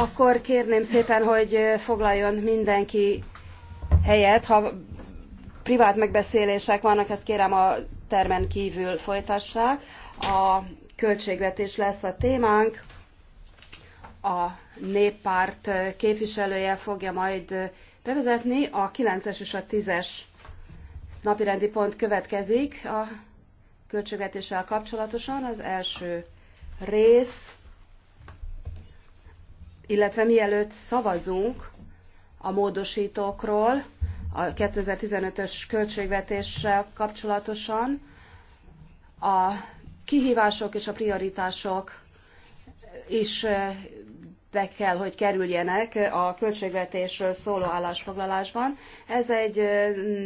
Akkor kérném szépen, hogy foglaljon mindenki helyet. Ha privát megbeszélések vannak, ezt kérem a termen kvül folytassák. A költségvetés lesz a témánk. A néppárt képviselője fogja majd bevezetni. A kilences és a tzes napirendi pont következik. A költségvetéssel kapcsolatosan. Az első rész, illetve mielőtt szavazunk a módosítókról, a 2015-ös költségvetéssel kapcsolatosan, a kihívások és a prioritások is be kell, hogy kerüljenek a költségvetésről szóló állásfoglalásban. Ez egy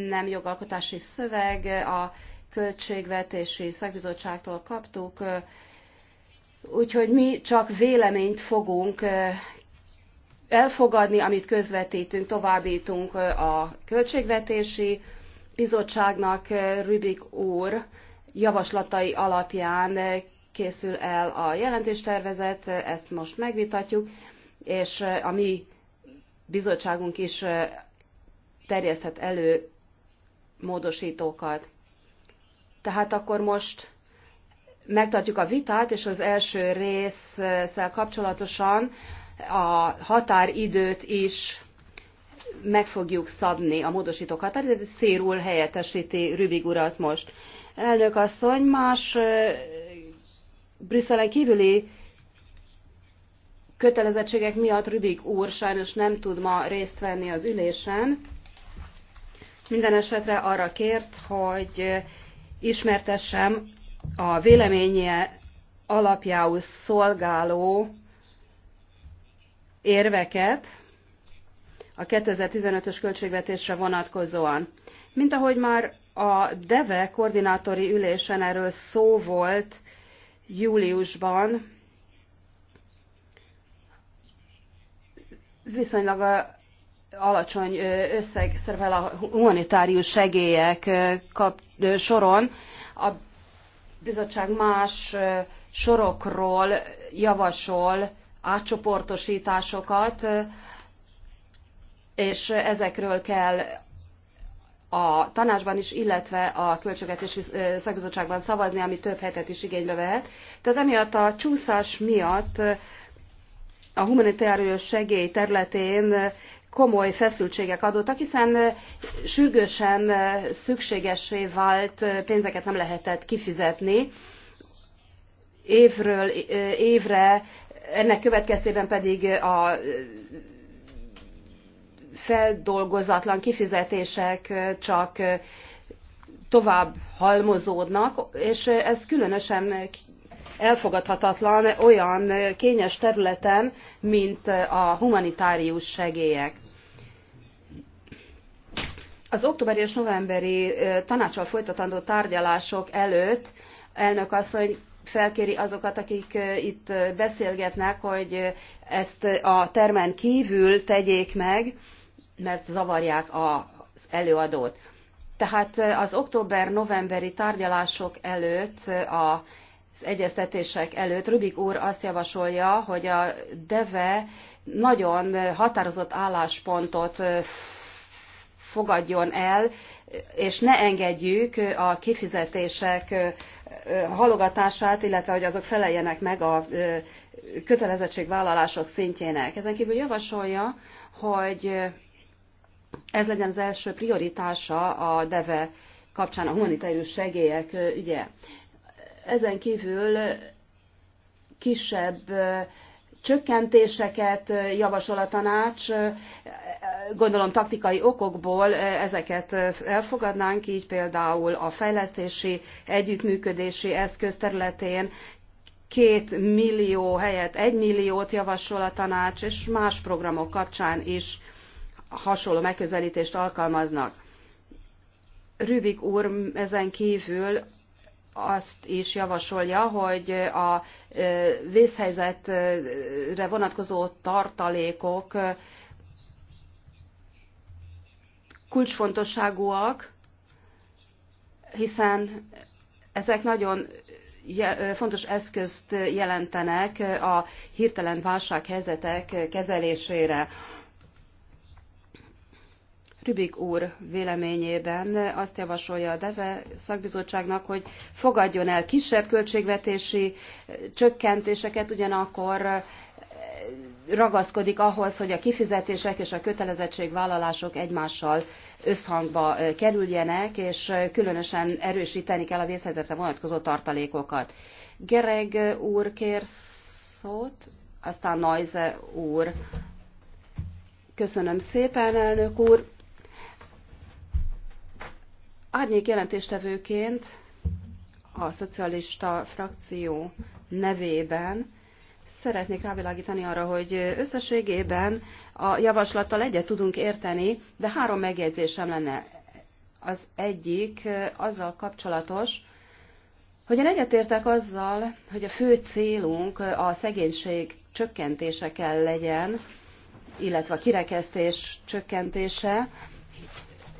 nem jogalkotási szöveg, a költségvetési szakbizottságtól kaptuk, úgyhogy mi csak véleményt fogunk elfogadni, amit közvetítünk, továbbítunk a költségvetési bizottságnak Rübik úr javaslatai alapján készül el a jelentéstervezet, ezt most megvitatjuk, és a mi bizottságunk is terjeszthet elő módosítókat. Tehát akkor most megtartjuk a vitát, és az első résszel kapcsolatosan a határidőt is meg fogjuk szabni a módosítók határidőt. Szérul helyettesíti Rübig urat most. Elnök asszony, más Brüsszelen kívüli kötelezettségek miatt Rübig úr sajnos nem tud ma részt venni az ülésen. Minden esetre arra kért, hogy ismertessem a véleménye alapjául szolgáló érveket a 2015-ös költségvetésre vonatkozóan. Mint ahogy már a DEVE koordinátori ülésen erről szó volt júliusban, viszonylag alacsony összeg szerepel a humanitárius segélyek kap, soron. A bizottság más sorokról javasol átcsoportosításokat, és ezekről kell a tanácsban is, illetve a költségvetési szakbizottságban szavazni, ami több hetet is igénybe vehet. Tehát emiatt a csúszás miatt a humanitárius segély területén komoly feszültségek adottak, hiszen sürgősen szükségesé vált pénzeket nem lehetett kifizetni. Évről évre, ennek következtében pedig a feldolgozatlan kifizetések csak tovább halmozódnak, és ez különösen elfogadhatatlan olyan kényes területen, mint a humanitárius segélyek. Az októberi és novemberi tanácsal folytatandó tárgyalások előtt elnök asszony felkéri azokat, akik itt beszélgetnek, hogy ezt a termen kívül tegyék meg, mert zavarják az előadót. Tehát az október-novemberi tárgyalások előtt a egyeztetések előtt Rubik úr azt javasolja, hogy a DEVE nagyon határozott álláspontot fogadjon el, és ne engedjük a kifizetések halogatását, illetve hogy azok feleljenek meg a kötelezettségvállalások szintjének. Ezen kívül javasolja, hogy ez legyen az első prioritása a DEVE kapcsán a humanitárius segélyek ügye. Ezen kívül kisebb csökkentéseket javasol a tanács. Gondolom taktikai okokból ezeket elfogadnánk, így például a fejlesztési, együttműködési eszköz területén két millió helyett egy milliót javasol a tanács, és más programok kapcsán is hasonló megközelítést alkalmaznak. Rübik úr ezen kívül azt is javasolja, hogy a vészhelyzetre vonatkozó tartalékok kulcsfontosságúak, hiszen ezek nagyon fontos eszközt jelentenek a hirtelen válsághelyzetek kezelésére. Rübik úr véleményében azt javasolja a DEVE szakbizottságnak, hogy fogadjon el kisebb költségvetési eh, csökkentéseket, ugyanakkor eh, ragaszkodik ahhoz, hogy a kifizetések és a kötelezettségvállalások egymással összhangba eh, kerüljenek, és különösen erősíteni kell a vészhelyzetre vonatkozó tartalékokat. Gereg úr kér szót, aztán Najze úr. Köszönöm szépen, elnök úr. Árnyék jelentéstevőként a szocialista frakció nevében szeretnék rávilágítani arra, hogy összességében a javaslattal egyet tudunk érteni, de három megjegyzésem lenne. Az egyik azzal kapcsolatos, hogy én egyetértek azzal, hogy a fő célunk a szegénység csökkentése kell legyen, illetve a kirekesztés csökkentése,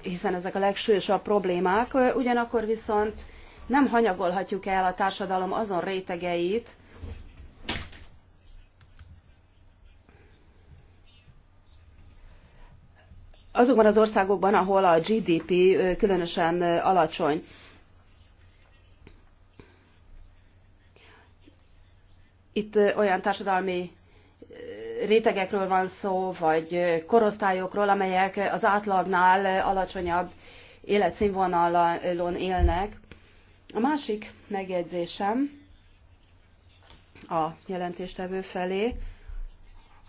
hiszen ezek a legsúlyosabb problémák, ugyanakkor viszont nem hanyagolhatjuk el a társadalom azon rétegeit, azokban az országokban, ahol a GDP különösen alacsony. Itt olyan társadalmi rétegekről van szó, vagy korosztályokról, amelyek az átlagnál alacsonyabb életszínvonalon élnek. A másik megjegyzésem a jelentéstevő felé,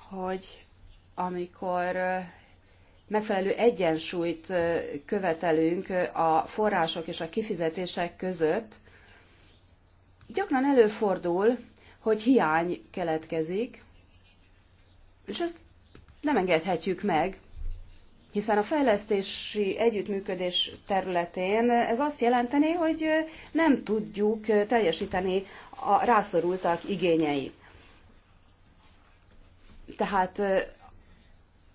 hogy amikor megfelelő egyensúlyt követelünk a források és a kifizetések között, gyakran előfordul, hogy hiány keletkezik, és ezt nem engedhetjük meg, hiszen a fejlesztési együttműködés területén ez azt jelenteni, hogy nem tudjuk teljesíteni a rászorultak igényeit. Tehát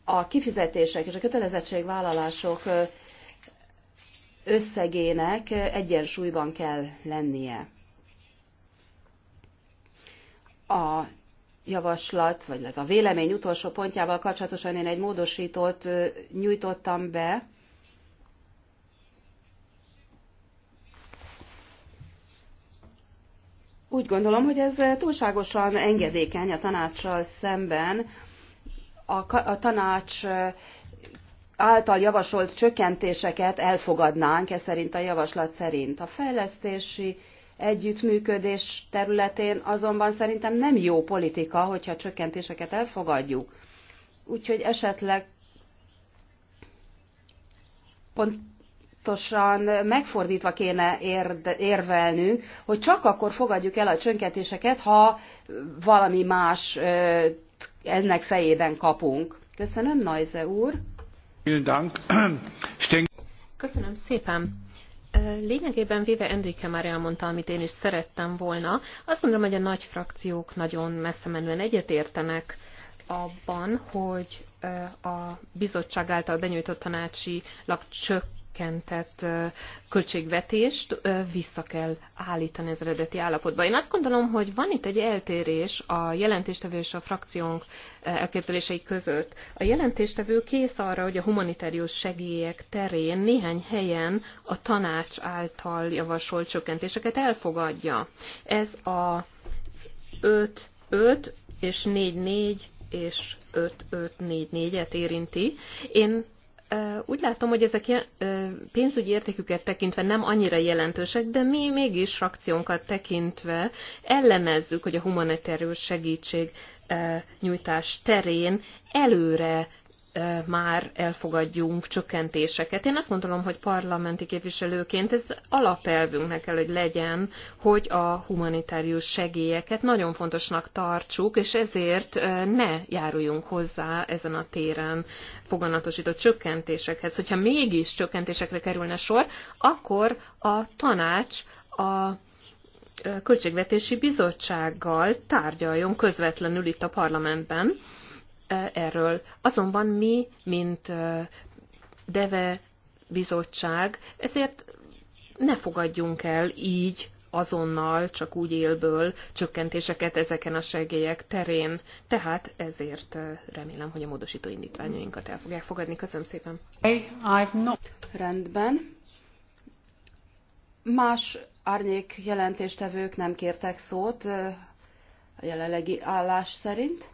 a kifizetések és a kötelezettségvállalások összegének egyensúlyban kell lennie. A javaslat, vagy a vélemény utolsó pontjával kapcsolatosan én egy módosítót nyújtottam be, Úgy gondolom, hogy ez túlságosan engedékeny a tanácssal szemben. A, a tanács által javasolt csökkentéseket elfogadnánk, ez szerint a javaslat szerint. A fejlesztési együttműködés területén azonban szerintem nem jó politika, hogyha csökkentéseket elfogadjuk. Úgyhogy esetleg pontosan megfordítva kéne érvelnünk, hogy csak akkor fogadjuk el a csökkentéseket, ha valami más ennek fejében kapunk. Köszönöm, Najze úr! Köszönöm szépen! Lényegében véve Enrique már elmondta, amit én is szerettem volna. Azt gondolom, hogy a nagy frakciók nagyon messze menően egyetértenek abban, hogy a bizottság által benyújtott tanácsi csökk csökkentett költségvetést vissza kell állítani az eredeti állapotba. Én azt gondolom, hogy van itt egy eltérés a jelentéstevő és a frakciónk elképzelései között. A jelentéstevő kész arra, hogy a humanitárius segélyek terén néhány helyen a tanács által javasolt csökkentéseket elfogadja. Ez a 5, 5 és 4, 4 és 5 5 4 4 et érinti. Én úgy látom, hogy ezek pénzügyi értéküket tekintve nem annyira jelentősek, de mi mégis frakciónkat tekintve ellenezzük, hogy a humanitárius segítség nyújtás terén előre már elfogadjunk csökkentéseket. Én azt gondolom, hogy parlamenti képviselőként ez alapelvünknek kell, hogy legyen, hogy a humanitárius segélyeket nagyon fontosnak tartsuk, és ezért ne járuljunk hozzá ezen a téren foganatosított csökkentésekhez. Hogyha mégis csökkentésekre kerülne sor, akkor a tanács a Költségvetési Bizottsággal tárgyaljon közvetlenül itt a parlamentben, erről. Azonban mi, mint DEVE bizottság, ezért ne fogadjunk el így azonnal, csak úgy élből csökkentéseket ezeken a segélyek terén. Tehát ezért remélem, hogy a módosító indítványainkat el fogják fogadni. Köszönöm szépen. Rendben. Más árnyék jelentéstevők nem kértek szót a jelenlegi állás szerint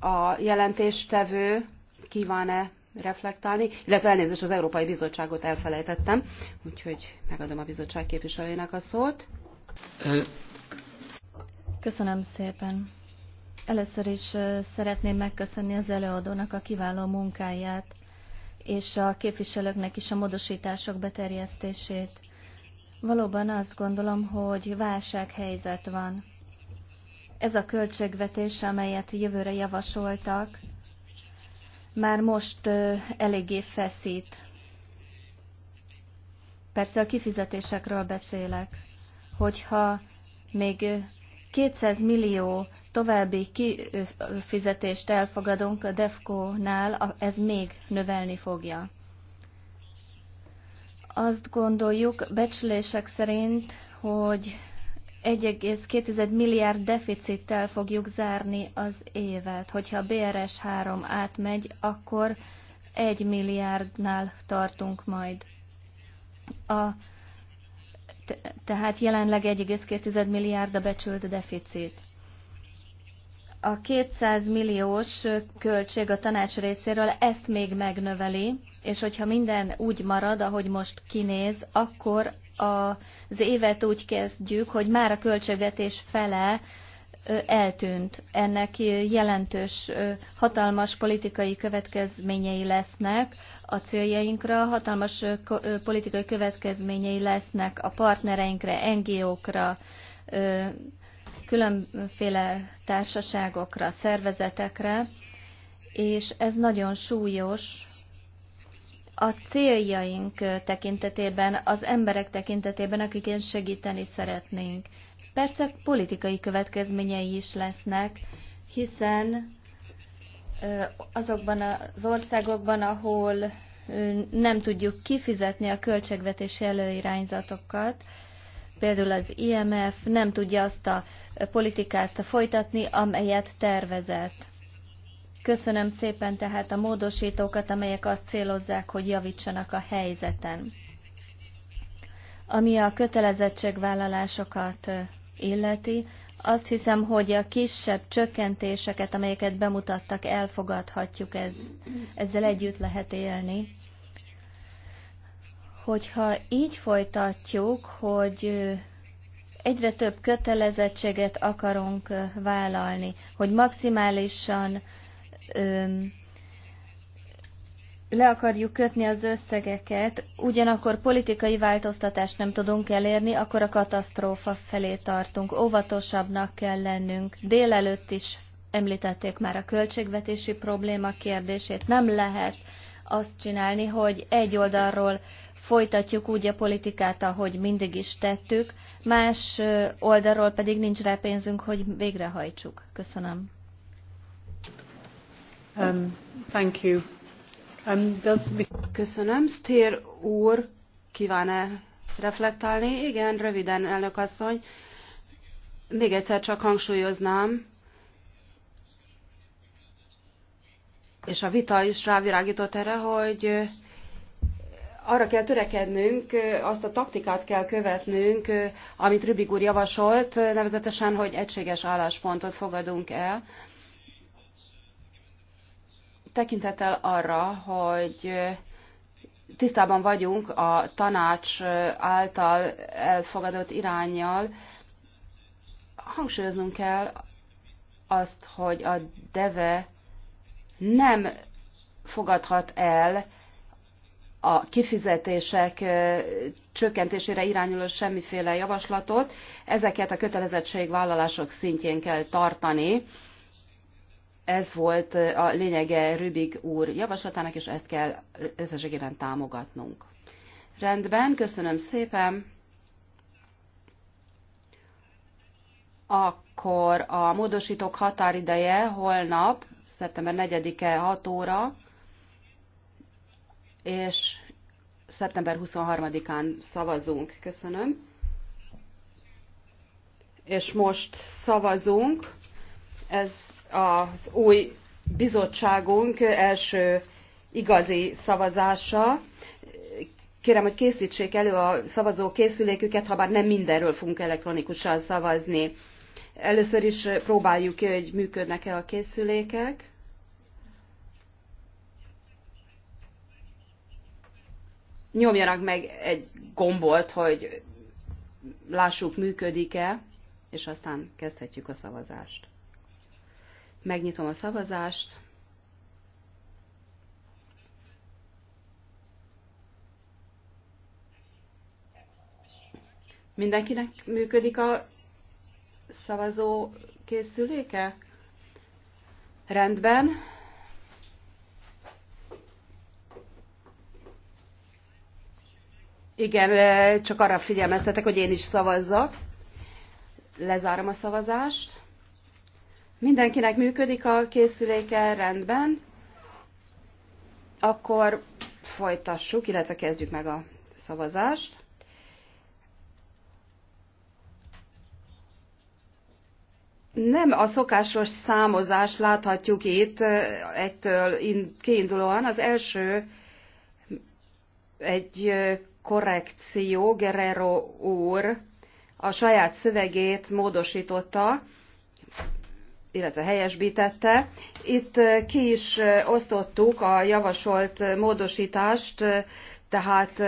a jelentéstevő kíván-e reflektálni, illetve elnézést az Európai Bizottságot elfelejtettem, úgyhogy megadom a bizottság képviselőjének a szót. Köszönöm szépen. Először is szeretném megköszönni az előadónak a kiváló munkáját, és a képviselőknek is a módosítások beterjesztését. Valóban azt gondolom, hogy válsághelyzet van ez a költségvetés, amelyet jövőre javasoltak, már most eléggé feszít. Persze a kifizetésekről beszélek, hogyha még 200 millió további kifizetést elfogadunk a DEFCO-nál, ez még növelni fogja. Azt gondoljuk becslések szerint, hogy 1,2 milliárd deficittel fogjuk zárni az évet. Hogyha a BRS3 er átmegy, akkor 1 milliárdnál tartunk majd. A, tehát jelenleg 1,2 milliárd a becsült deficit. A 200 milliós költség a tanács részéről ezt még megnöveli, és hogyha minden úgy marad, ahogy most kinéz, akkor az évet úgy kezdjük, hogy már a költségvetés fele eltűnt. Ennek jelentős, hatalmas politikai következményei lesznek a céljainkra, hatalmas politikai következményei lesznek a partnereinkre, NGO-kra, különféle társaságokra, szervezetekre, és ez nagyon súlyos a céljaink tekintetében, az emberek tekintetében, akiket segíteni szeretnénk. Persze politikai következményei is lesznek, hiszen azokban az országokban, ahol nem tudjuk kifizetni a költségvetési előirányzatokat, például az IMF nem tudja azt a politikát folytatni, amelyet tervezett. Köszönöm szépen tehát a módosítókat, amelyek azt célozzák, hogy javítsanak a helyzeten. Ami a kötelezettségvállalásokat illeti, azt hiszem, hogy a kisebb csökkentéseket, amelyeket bemutattak, elfogadhatjuk, ez, ezzel együtt lehet élni. Hogyha így folytatjuk, hogy egyre több kötelezettséget akarunk vállalni, hogy maximálisan le akarjuk kötni az összegeket, ugyanakkor politikai változtatást nem tudunk elérni, akkor a katasztrófa felé tartunk. Óvatosabbnak kell lennünk. Délelőtt is említették már a költségvetési probléma kérdését. Nem lehet azt csinálni, hogy egy oldalról folytatjuk úgy a politikát, ahogy mindig is tettük, más oldalról pedig nincs rá pénzünk, hogy végrehajtsuk. Köszönöm. Um, um, Köszönöm. Stier úr kíván-e reflektálni? Igen, röviden, elnök asszony. Még egyszer csak hangsúlyoznám, és a vita is rávirágított erre, hogy arra kell törekednünk, azt a taktikát kell követnünk, amit Rübig úr javasolt, nevezetesen, hogy egységes álláspontot fogadunk el, tekintettel arra, hogy tisztában vagyunk a tanács által elfogadott irányjal, hangsúlyoznunk kell azt, hogy a deve nem fogadhat el a kifizetések csökkentésére irányuló semmiféle javaslatot. Ezeket a kötelezettségvállalások szintjén kell tartani, ez volt a lényege Rübig úr javaslatának, és ezt kell összességében támogatnunk. Rendben, köszönöm szépen. Akkor a módosítók határideje holnap, szeptember 4-e 6 óra, és szeptember 23-án szavazunk. Köszönöm. És most szavazunk. Ez az új bizottságunk első igazi szavazása. Kérem, hogy készítsék elő a készüléküket, ha bár nem mindenről fogunk elektronikusan szavazni. Először is próbáljuk ki, hogy működnek-e a készülékek. Nyomjanak meg egy gombolt, hogy lássuk, működik-e, és aztán kezdhetjük a szavazást. Megnyitom a szavazást. Mindenkinek működik a szavazó készüléke? Rendben. Igen, csak arra figyelmeztetek, hogy én is szavazzak. Lezárom a szavazást. Mindenkinek működik a készüléke, rendben. Akkor folytassuk, illetve kezdjük meg a szavazást. Nem a szokásos számozást láthatjuk itt egytől kiindulóan. Az első egy korrekció, Guerrero úr a saját szövegét módosította, illetve helyesbítette. Itt ki is osztottuk a javasolt módosítást, tehát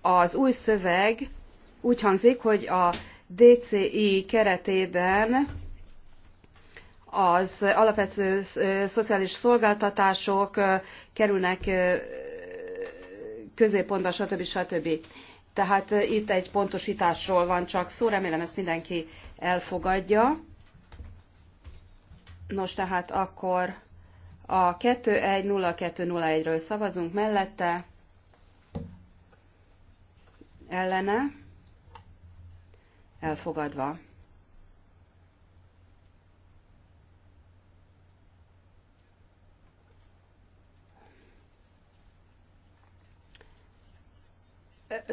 az új szöveg úgy hangzik, hogy a DCI keretében az alapvető szociális szolgáltatások kerülnek középpontba, stb. stb. Tehát itt egy pontosításról van csak szó, remélem ezt mindenki elfogadja. Nos, tehát akkor a 210201-ről szavazunk mellette, ellene, elfogadva.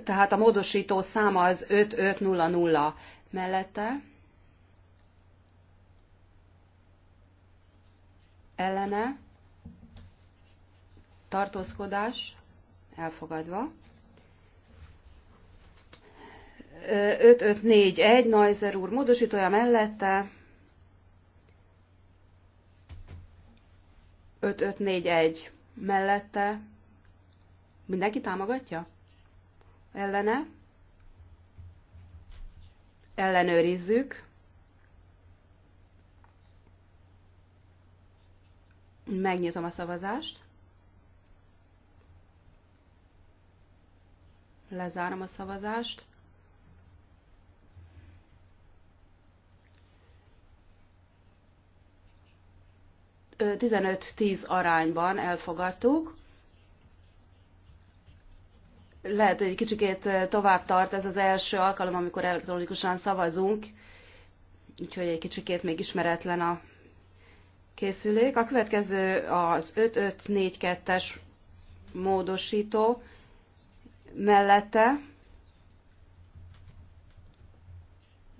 Tehát a módosító száma az 5500 mellette, ellene, tartózkodás, elfogadva. 5541, Neuser úr módosítója mellette, 5541 mellette, mindenki támogatja? Ellene? Ellenőrizzük. Megnyitom a szavazást. Lezárom a szavazást. Ö, 15-10 arányban elfogadtuk. Lehet, hogy egy kicsikét tovább tart ez az első alkalom, amikor elektronikusan szavazunk, úgyhogy egy kicsikét még ismeretlen a készülék. A következő az 5542-es módosító mellette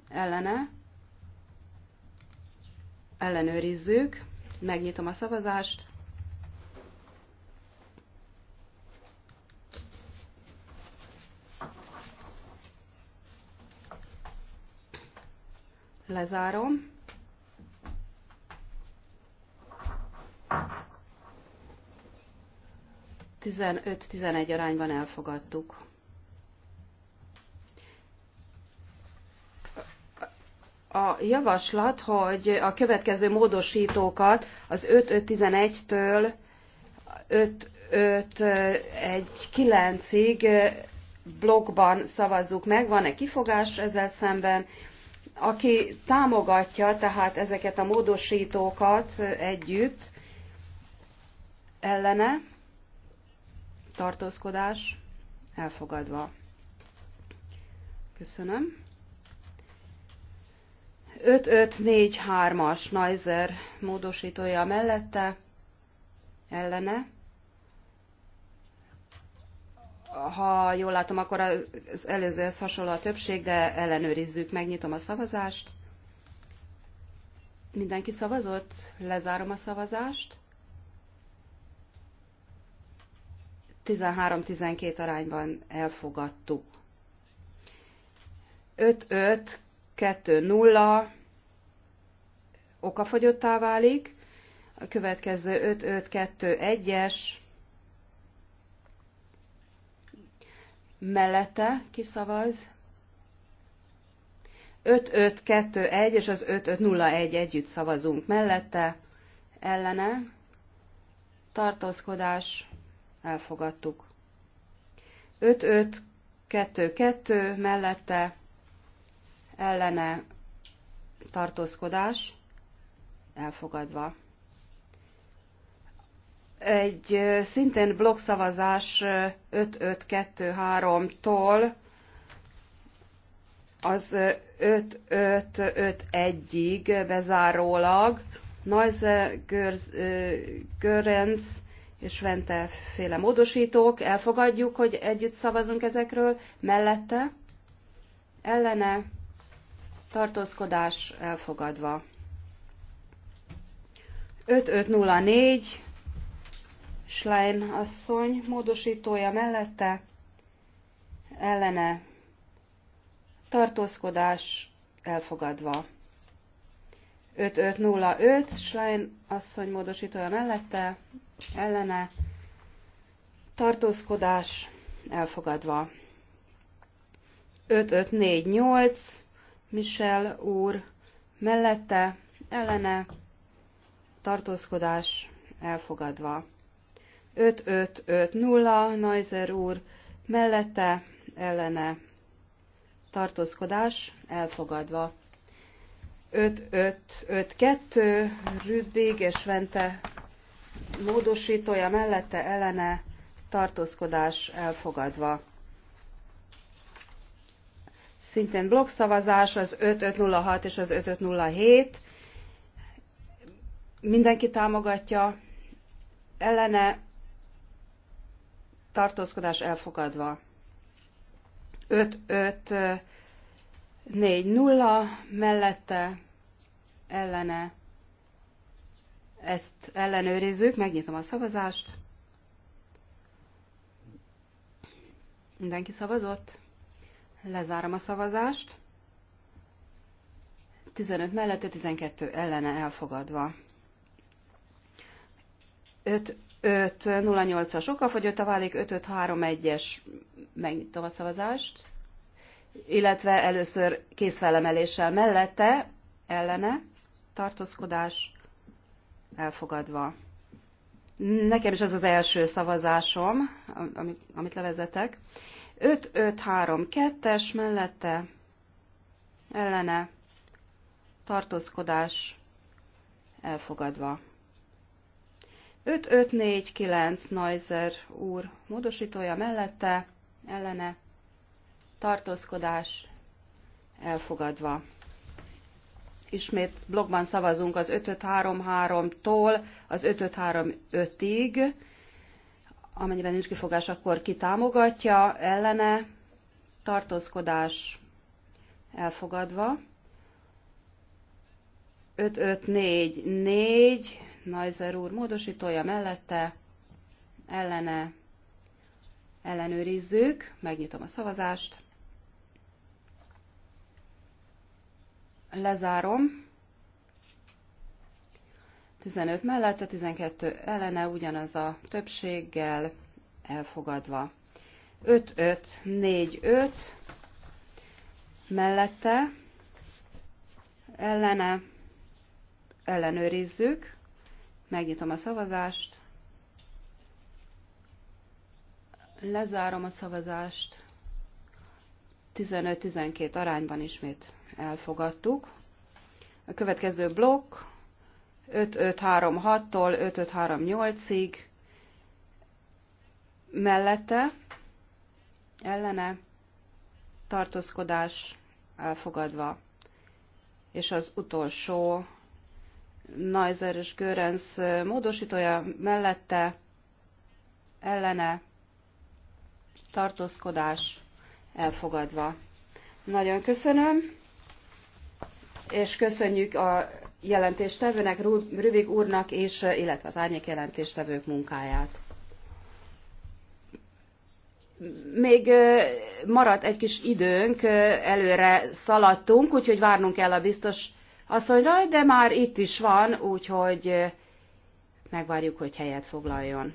ellene ellenőrizzük, megnyitom a szavazást. Lezárom. 15-11 arányban elfogadtuk. A javaslat, hogy a következő módosítókat az 5-5-11-től 5-5-1-9-ig blokkban szavazzuk meg. Van-e kifogás ezzel szemben? Aki támogatja tehát ezeket a módosítókat együtt, ellene, tartózkodás elfogadva. Köszönöm. 5543-as Neiser módosítója mellette, ellene. Ha jól látom, akkor az előzőhez hasonló a többség, de ellenőrizzük, megnyitom a szavazást. Mindenki szavazott, lezárom a szavazást. 13-12 arányban elfogadtuk. 5-5-2-0 okafogyottá válik, a következő 5-5-2-1-es mellette kiszavaz, 5-5-2-1 és az 5-5-0-1 együtt szavazunk mellette, ellene, tartózkodás, elfogadtuk. 5-5-2-2 mellette ellene tartózkodás elfogadva. Egy szintén blokkszavazás 5-5-2-3-tól az 5-5-5-1-ig bezárólag Neuse Görenz és Vente féle módosítók, elfogadjuk, hogy együtt szavazunk ezekről, mellette, ellene, tartózkodás elfogadva. 5504, Schlein asszony módosítója mellette, ellene, tartózkodás elfogadva. 5505, Schlein asszony módosítója mellette, ellene, tartózkodás elfogadva. 5548, Michel úr mellette, ellene, tartózkodás elfogadva. 5550, Neuser úr mellette, ellene, tartózkodás elfogadva. 5-5-5-2, Rüdvig és Vente módosítója mellette ellene tartózkodás elfogadva. Szintén blokkszavazás az 5506 és az 5507. Mindenki támogatja, ellene tartózkodás elfogadva. 55 4-0 mellette ellene ezt ellenőrizzük, megnyitom a szavazást. Mindenki szavazott? Lezárom a szavazást. 15 mellette, 12 ellene elfogadva. 5-5-08-as okafogyott a válik, 5-5-3-1-es megnyitom a szavazást. 5-5-3-1 illetve először kézfelemeléssel mellette, ellene, tartózkodás elfogadva. Nekem is ez az első szavazásom, amit, amit levezetek. 5-5-3-2-es mellette, ellene, tartózkodás elfogadva. 5-5-4-9 Neuser úr módosítója mellette, ellene, tartózkodás elfogadva. Ismét blogban szavazunk az 5533-tól az 5535-ig, amennyiben nincs kifogás, akkor ki támogatja, ellene, tartózkodás elfogadva. 5544, Najzer úr módosítója mellette, ellene ellenőrizzük, megnyitom a szavazást. Lezárom. 15 mellette, 12 ellene, ugyanaz a többséggel elfogadva. 5-5, 4-5 mellette, ellene, ellenőrizzük, megnyitom a szavazást, lezárom a szavazást, 15-12 arányban ismét elfogadtuk. A következő blokk 5-5-3-6-tól 5-5-3-8-ig mellette ellene tartózkodás elfogadva. És az utolsó Neiser és Görens módosítója mellette ellene tartózkodás elfogadva. Nagyon köszönöm, és köszönjük a jelentéstevőnek, Rübig úrnak és, illetve az árnyék jelentéstevők munkáját. Még maradt egy kis időnk, előre szaladtunk, úgyhogy várnunk kell a biztos asszonyra, de már itt is van, úgyhogy megvárjuk, hogy helyet foglaljon.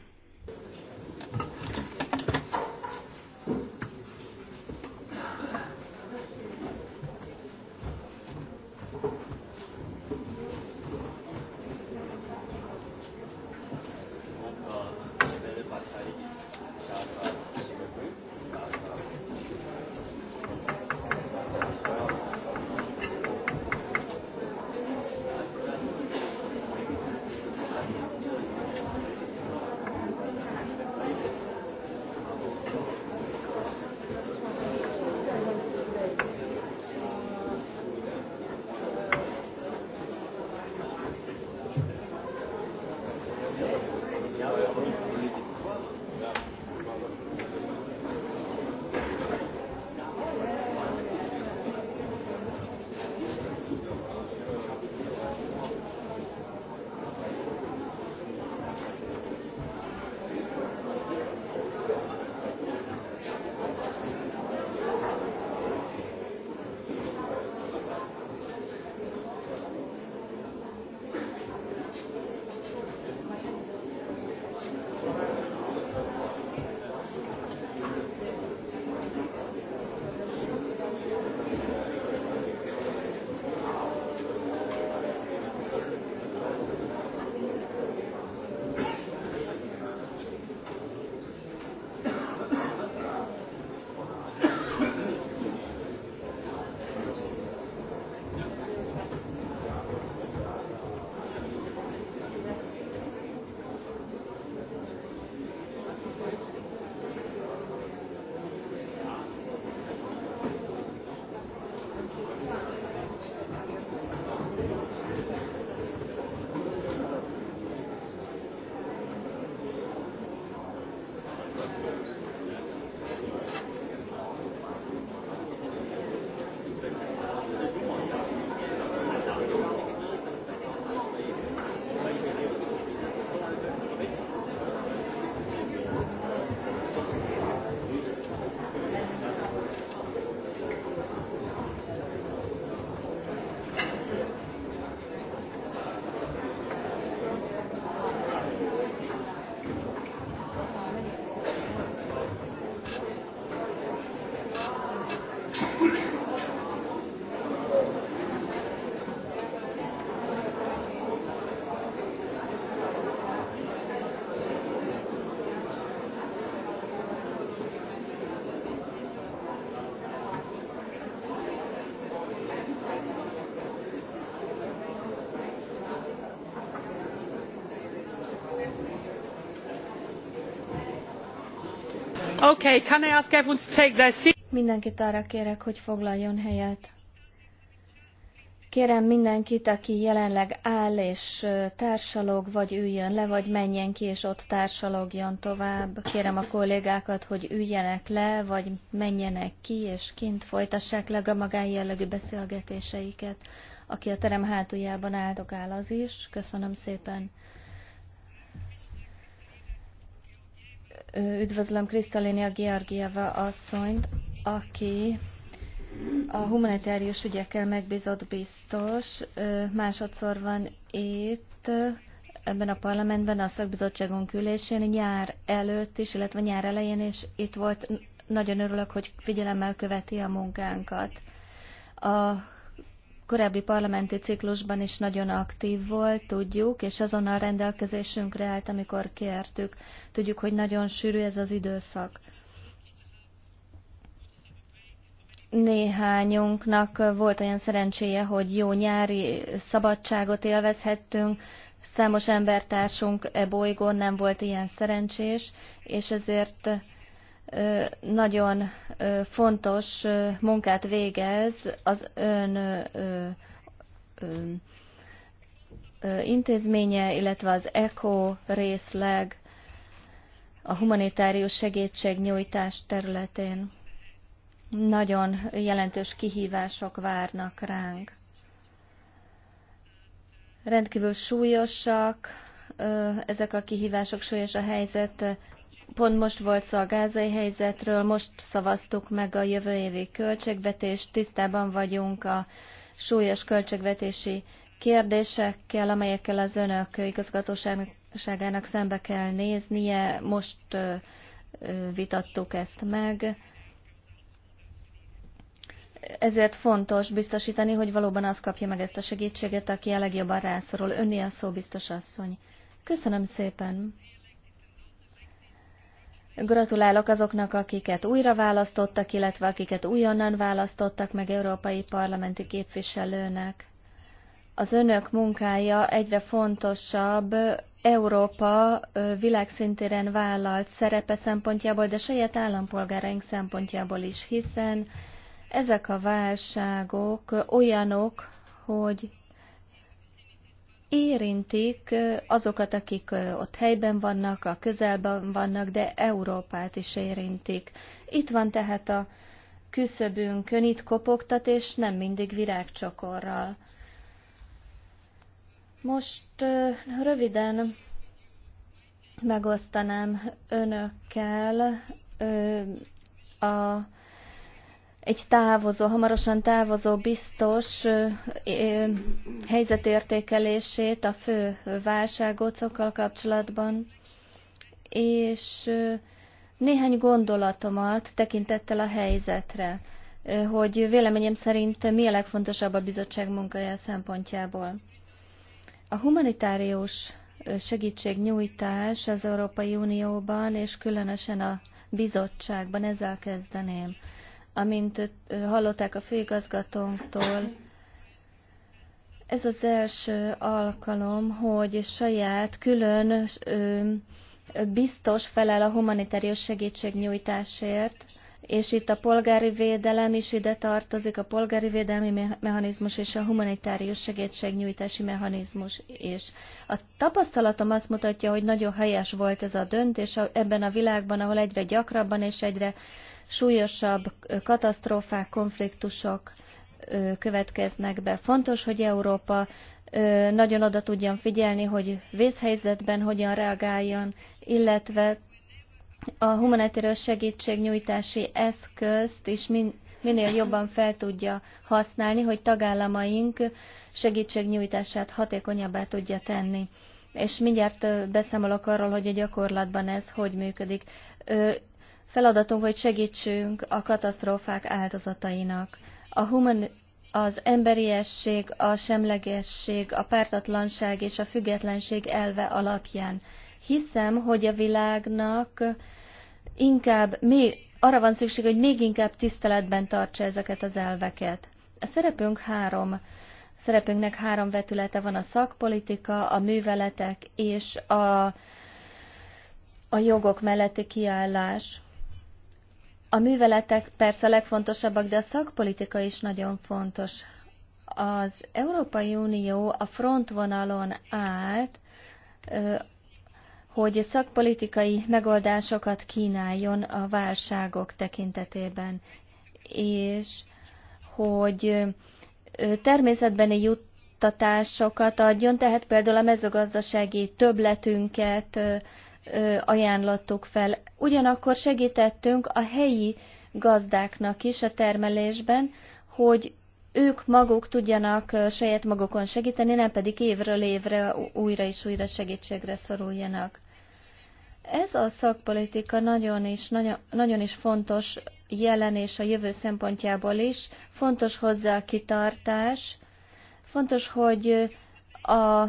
Mindenkit arra kérek, hogy foglaljon helyet. Kérem mindenkit, aki jelenleg áll és társalog, vagy üljön le, vagy menjen ki és ott társalogjon tovább. Kérem a kollégákat, hogy üljenek le, vagy menjenek ki, és kint folytassák le a magánjellegű beszélgetéseiket. Aki a terem hátuljában áldogál az is. Köszönöm szépen. Üdvözlöm Krisztalénia Georgieva asszonyt, aki a humanitárius ügyekkel megbízott biztos. Másodszor van itt ebben a parlamentben, a szakbizottságunk ülésén nyár előtt is, illetve nyár elején is itt volt. Nagyon örülök, hogy figyelemmel követi a munkánkat. A korábbi parlamenti ciklusban is nagyon aktív volt, tudjuk, és azonnal rendelkezésünkre állt, amikor kértük. Tudjuk, hogy nagyon sűrű ez az időszak. Néhányunknak volt olyan szerencséje, hogy jó nyári szabadságot élvezhettünk, számos embertársunk e bolygón nem volt ilyen szerencsés, és ezért nagyon fontos munkát végez az ön intézménye, illetve az ECO részleg a humanitárius segítségnyújtás területén. Nagyon jelentős kihívások várnak ránk. Rendkívül súlyosak ezek a kihívások, súlyos a helyzet Pont most volt szó a gázai helyzetről, most szavaztuk meg a jövő évi költségvetést, tisztában vagyunk a súlyos költségvetési kérdésekkel, amelyekkel az önök igazgatóságának szembe kell néznie. Most vitattuk ezt meg. Ezért fontos biztosítani, hogy valóban az kapja meg ezt a segítséget, aki a legjobban rászorul. Önni a szó, biztos asszony. Köszönöm szépen. Gratulálok azoknak, akiket újra választottak, illetve akiket újonnan választottak meg európai parlamenti képviselőnek. Az önök munkája egyre fontosabb Európa világszintéren vállalt szerepe szempontjából, de saját állampolgáraink szempontjából is, hiszen ezek a válságok olyanok, hogy érintik azokat, akik ott helyben vannak, a közelben vannak, de Európát is érintik. Itt van tehát a küszöbünkön, itt kopogtat, és nem mindig virágcsokorral. Most röviden megosztanám önökkel a egy távozó, hamarosan távozó biztos helyzetértékelését, a fő válságocokkal kapcsolatban, és néhány gondolatomat tekintettel a helyzetre, hogy véleményem szerint mi a legfontosabb a bizottság munkája szempontjából. A humanitárius segítségnyújtás az Európai Unióban, és különösen a bizottságban, ezzel kezdeném amint hallották a főigazgatónktól, ez az első alkalom, hogy saját, külön biztos felel a humanitárius segítségnyújtásért, és itt a polgári védelem is ide tartozik, a polgári védelmi mechanizmus és a humanitárius segítségnyújtási mechanizmus is. A tapasztalatom azt mutatja, hogy nagyon helyes volt ez a döntés ebben a világban, ahol egyre gyakrabban és egyre súlyosabb katasztrófák, konfliktusok következnek be. Fontos, hogy Európa nagyon oda tudjon figyelni, hogy vészhelyzetben hogyan reagáljon, illetve a humanitárius segítségnyújtási eszközt is min minél jobban fel tudja használni, hogy tagállamaink segítségnyújtását hatékonyabbá tudja tenni. És mindjárt beszámolok arról, hogy a gyakorlatban ez hogy működik. Feladatunk, hogy segítsünk a katasztrófák áldozatainak. A human, az emberiesség, a semlegesség, a pártatlanság és a függetlenség elve alapján. Hiszem, hogy a világnak inkább még, arra van szükség, hogy még inkább tiszteletben tartsa ezeket az elveket. A szerepünk három. A szerepünknek három vetülete van a szakpolitika, a műveletek és a, a jogok melletti kiállás. A műveletek persze a legfontosabbak, de a szakpolitika is nagyon fontos. Az Európai Unió a frontvonalon állt, hogy szakpolitikai megoldásokat kínáljon a válságok tekintetében, és hogy természetbeni juttatásokat adjon, tehát például a mezőgazdasági töbletünket ajánlottuk fel. Ugyanakkor segítettünk a helyi gazdáknak is a termelésben, hogy ők maguk tudjanak saját magukon segíteni, nem pedig évről évre újra és újra segítségre szoruljanak. Ez a szakpolitika nagyon is, nagyon, nagyon is fontos jelen és a jövő szempontjából is. Fontos hozzá a kitartás, fontos, hogy a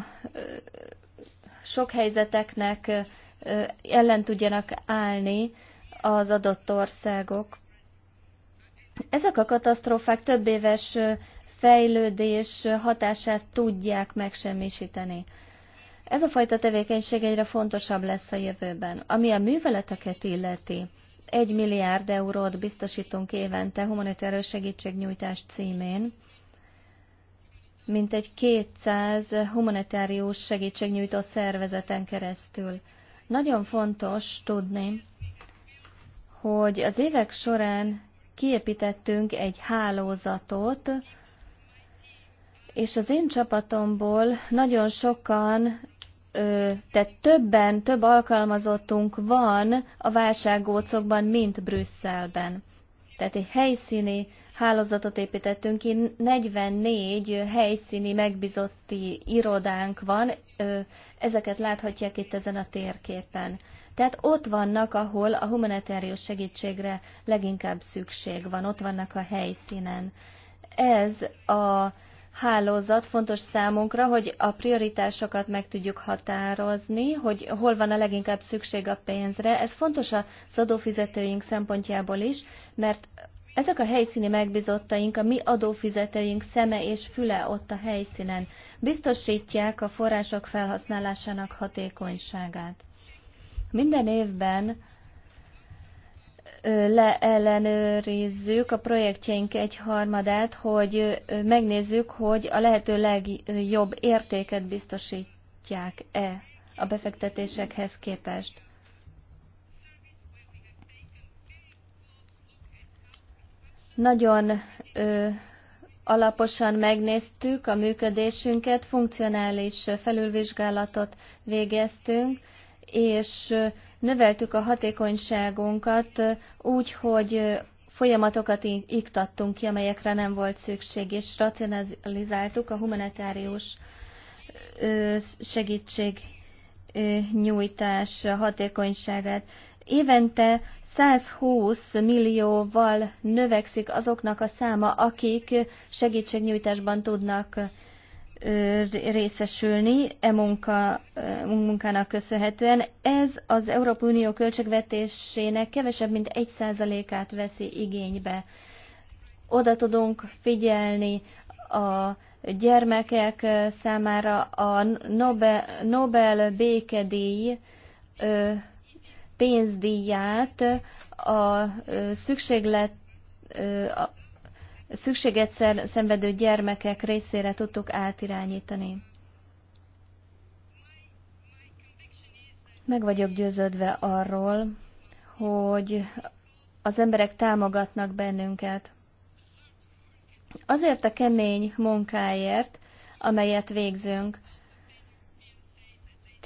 sok helyzeteknek ellen tudjanak állni az adott országok. Ezek a katasztrófák több éves fejlődés hatását tudják megsemmisíteni. Ez a fajta tevékenység egyre fontosabb lesz a jövőben. Ami a műveleteket illeti, egy milliárd eurót biztosítunk évente humanitárius segítségnyújtás címén, mintegy 200 humanitárius segítségnyújtó szervezeten keresztül. Nagyon fontos tudni, hogy az évek során kiépítettünk egy hálózatot, és az én csapatomból nagyon sokan, tehát többen, több alkalmazottunk van a válságócokban, mint Brüsszelben. Tehát egy helyszíni hálózatot építettünk ki, 44 helyszíni megbizotti irodánk van, ezeket láthatják itt ezen a térképen. Tehát ott vannak, ahol a humanitárius segítségre leginkább szükség van, ott vannak a helyszínen. Ez a hálózat fontos számunkra, hogy a prioritásokat meg tudjuk határozni, hogy hol van a leginkább szükség a pénzre. Ez fontos a szadófizetőink szempontjából is, mert ezek a helyszíni megbizottaink, a mi adófizetőink szeme és füle ott a helyszínen biztosítják a források felhasználásának hatékonyságát. Minden évben leellenőrizzük a projektjeink egy harmadát, hogy megnézzük, hogy a lehető legjobb értéket biztosítják-e a befektetésekhez képest. Nagyon ö, alaposan megnéztük a működésünket, funkcionális felülvizsgálatot végeztünk, és növeltük a hatékonyságunkat úgy, hogy folyamatokat iktattunk ki, amelyekre nem volt szükség, és racionalizáltuk a humanitárius segítség nyújtás hatékonyságát. Évente 120 millióval növekszik azoknak a száma, akik segítségnyújtásban tudnak részesülni e munka, munkának köszönhetően. Ez az Európai Unió költségvetésének kevesebb, mint 1%-át veszi igénybe. Oda tudunk figyelni a gyermekek számára a Nobel, Nobel békedély pénzdíját a szükséglet a szükséget szenvedő gyermekek részére tudtuk átirányítani. Meg vagyok győződve arról, hogy az emberek támogatnak bennünket. Azért a kemény munkáért, amelyet végzünk,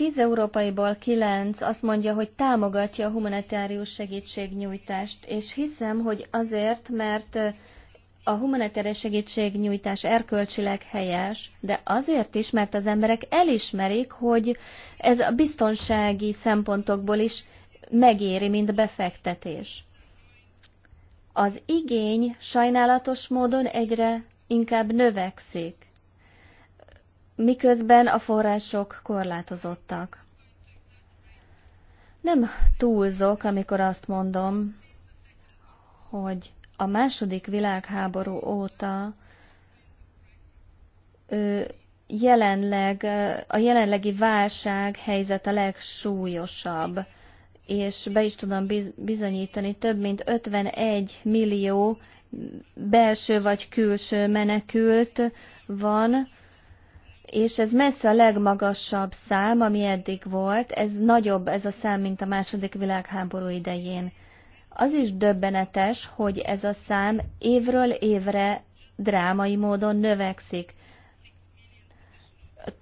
Tíz európaiból kilenc azt mondja, hogy támogatja a humanitárius segítségnyújtást, és hiszem, hogy azért, mert a humanitárius segítségnyújtás erkölcsileg helyes, de azért is, mert az emberek elismerik, hogy ez a biztonsági szempontokból is megéri, mint befektetés. Az igény sajnálatos módon egyre inkább növekszik miközben a források korlátozottak. Nem túlzok, amikor azt mondom, hogy a második világháború óta jelenleg, a jelenlegi válság helyzet a legsúlyosabb, és be is tudom bizonyítani, több mint 51 millió belső vagy külső menekült van, és ez messze a legmagasabb szám, ami eddig volt, ez nagyobb ez a szám, mint a második világháború idején. Az is döbbenetes, hogy ez a szám évről évre drámai módon növekszik.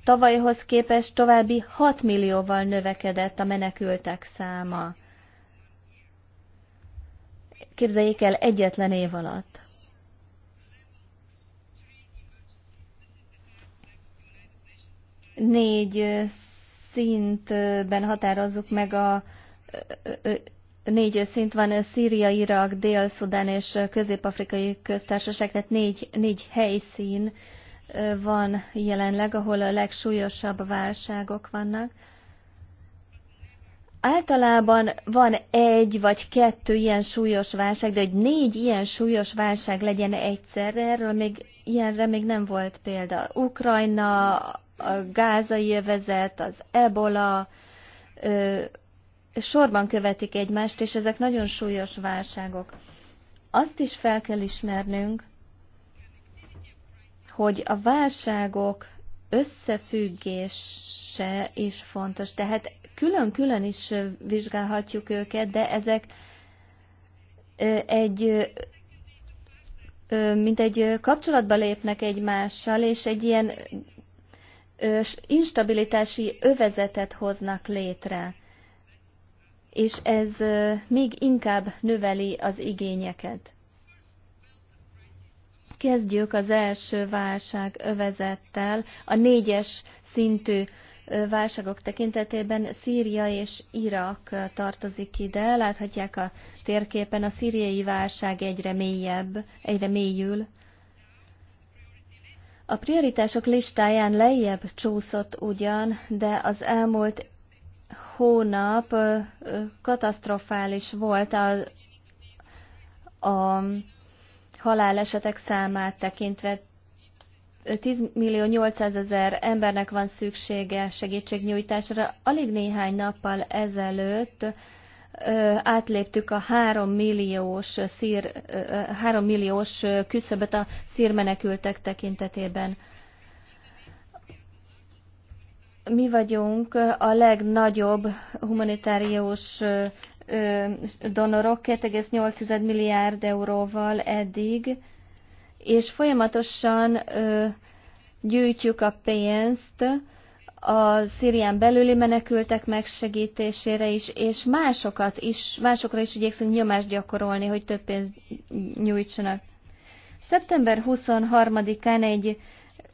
Tavalyhoz képest további 6 millióval növekedett a menekültek száma. Képzeljék el, egyetlen év alatt. négy szintben határozzuk meg a négy szint van, Szíria, Irak, Dél-Szudán és Közép-Afrikai Köztársaság, tehát négy, négy helyszín van jelenleg, ahol a legsúlyosabb válságok vannak. Általában van egy vagy kettő ilyen súlyos válság, de hogy négy ilyen súlyos válság legyen egyszerre, erről még, ilyenre még nem volt példa. Ukrajna, a gázai övezet, az ebola, sorban követik egymást, és ezek nagyon súlyos válságok. Azt is fel kell ismernünk, hogy a válságok összefüggése is fontos. Tehát külön-külön is vizsgálhatjuk őket, de ezek egy mint egy kapcsolatba lépnek egymással, és egy ilyen instabilitási övezetet hoznak létre, és ez még inkább növeli az igényeket. Kezdjük az első válság övezettel, a négyes szintű válságok tekintetében Szíria és Irak tartozik ide. Láthatják a térképen, a szíriai válság egyre mélyebb, egyre mélyül. A prioritások listáján lejjebb csúszott ugyan, de az elmúlt hónap katasztrofális volt a, a halálesetek számát tekintve. 10 millió 800 ezer embernek van szüksége segítségnyújtásra. Alig néhány nappal ezelőtt átléptük a 3 milliós, szír, 3 milliós küszöbet a szírmenekültek tekintetében. Mi vagyunk a legnagyobb humanitárius donorok 2,8 milliárd euróval eddig, és folyamatosan gyűjtjük a pénzt, a Szírián belüli menekültek megsegítésére is, és másokat is, másokra is igyekszünk nyomást gyakorolni, hogy több pénzt nyújtsanak. Szeptember 23-án egy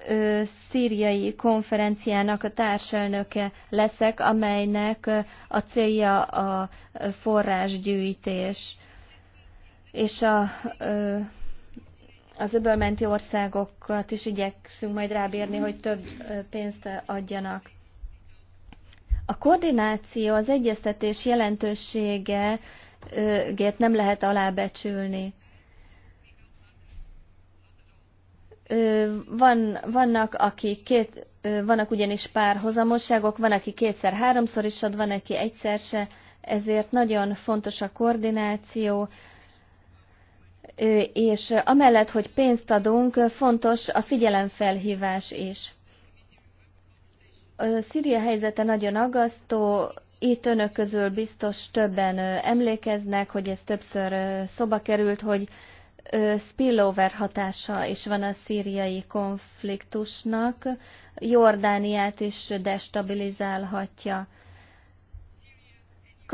ö, szíriai konferenciának a társelnöke leszek, amelynek a célja a forrásgyűjtés és a ö, az öbölmenti országokat is igyekszünk majd rábírni, hogy több pénzt adjanak. A koordináció, az egyeztetés jelentősége gét nem lehet alábecsülni. Van, vannak, akik két, vannak ugyanis párhozamosságok, van, aki kétszer-háromszor is ad, van, aki egyszer se, ezért nagyon fontos a koordináció, és amellett, hogy pénzt adunk, fontos a figyelemfelhívás is. A Szíria helyzete nagyon aggasztó, itt önök közül biztos többen emlékeznek, hogy ez többször szoba került, hogy spillover hatása is van a szíriai konfliktusnak, Jordániát is destabilizálhatja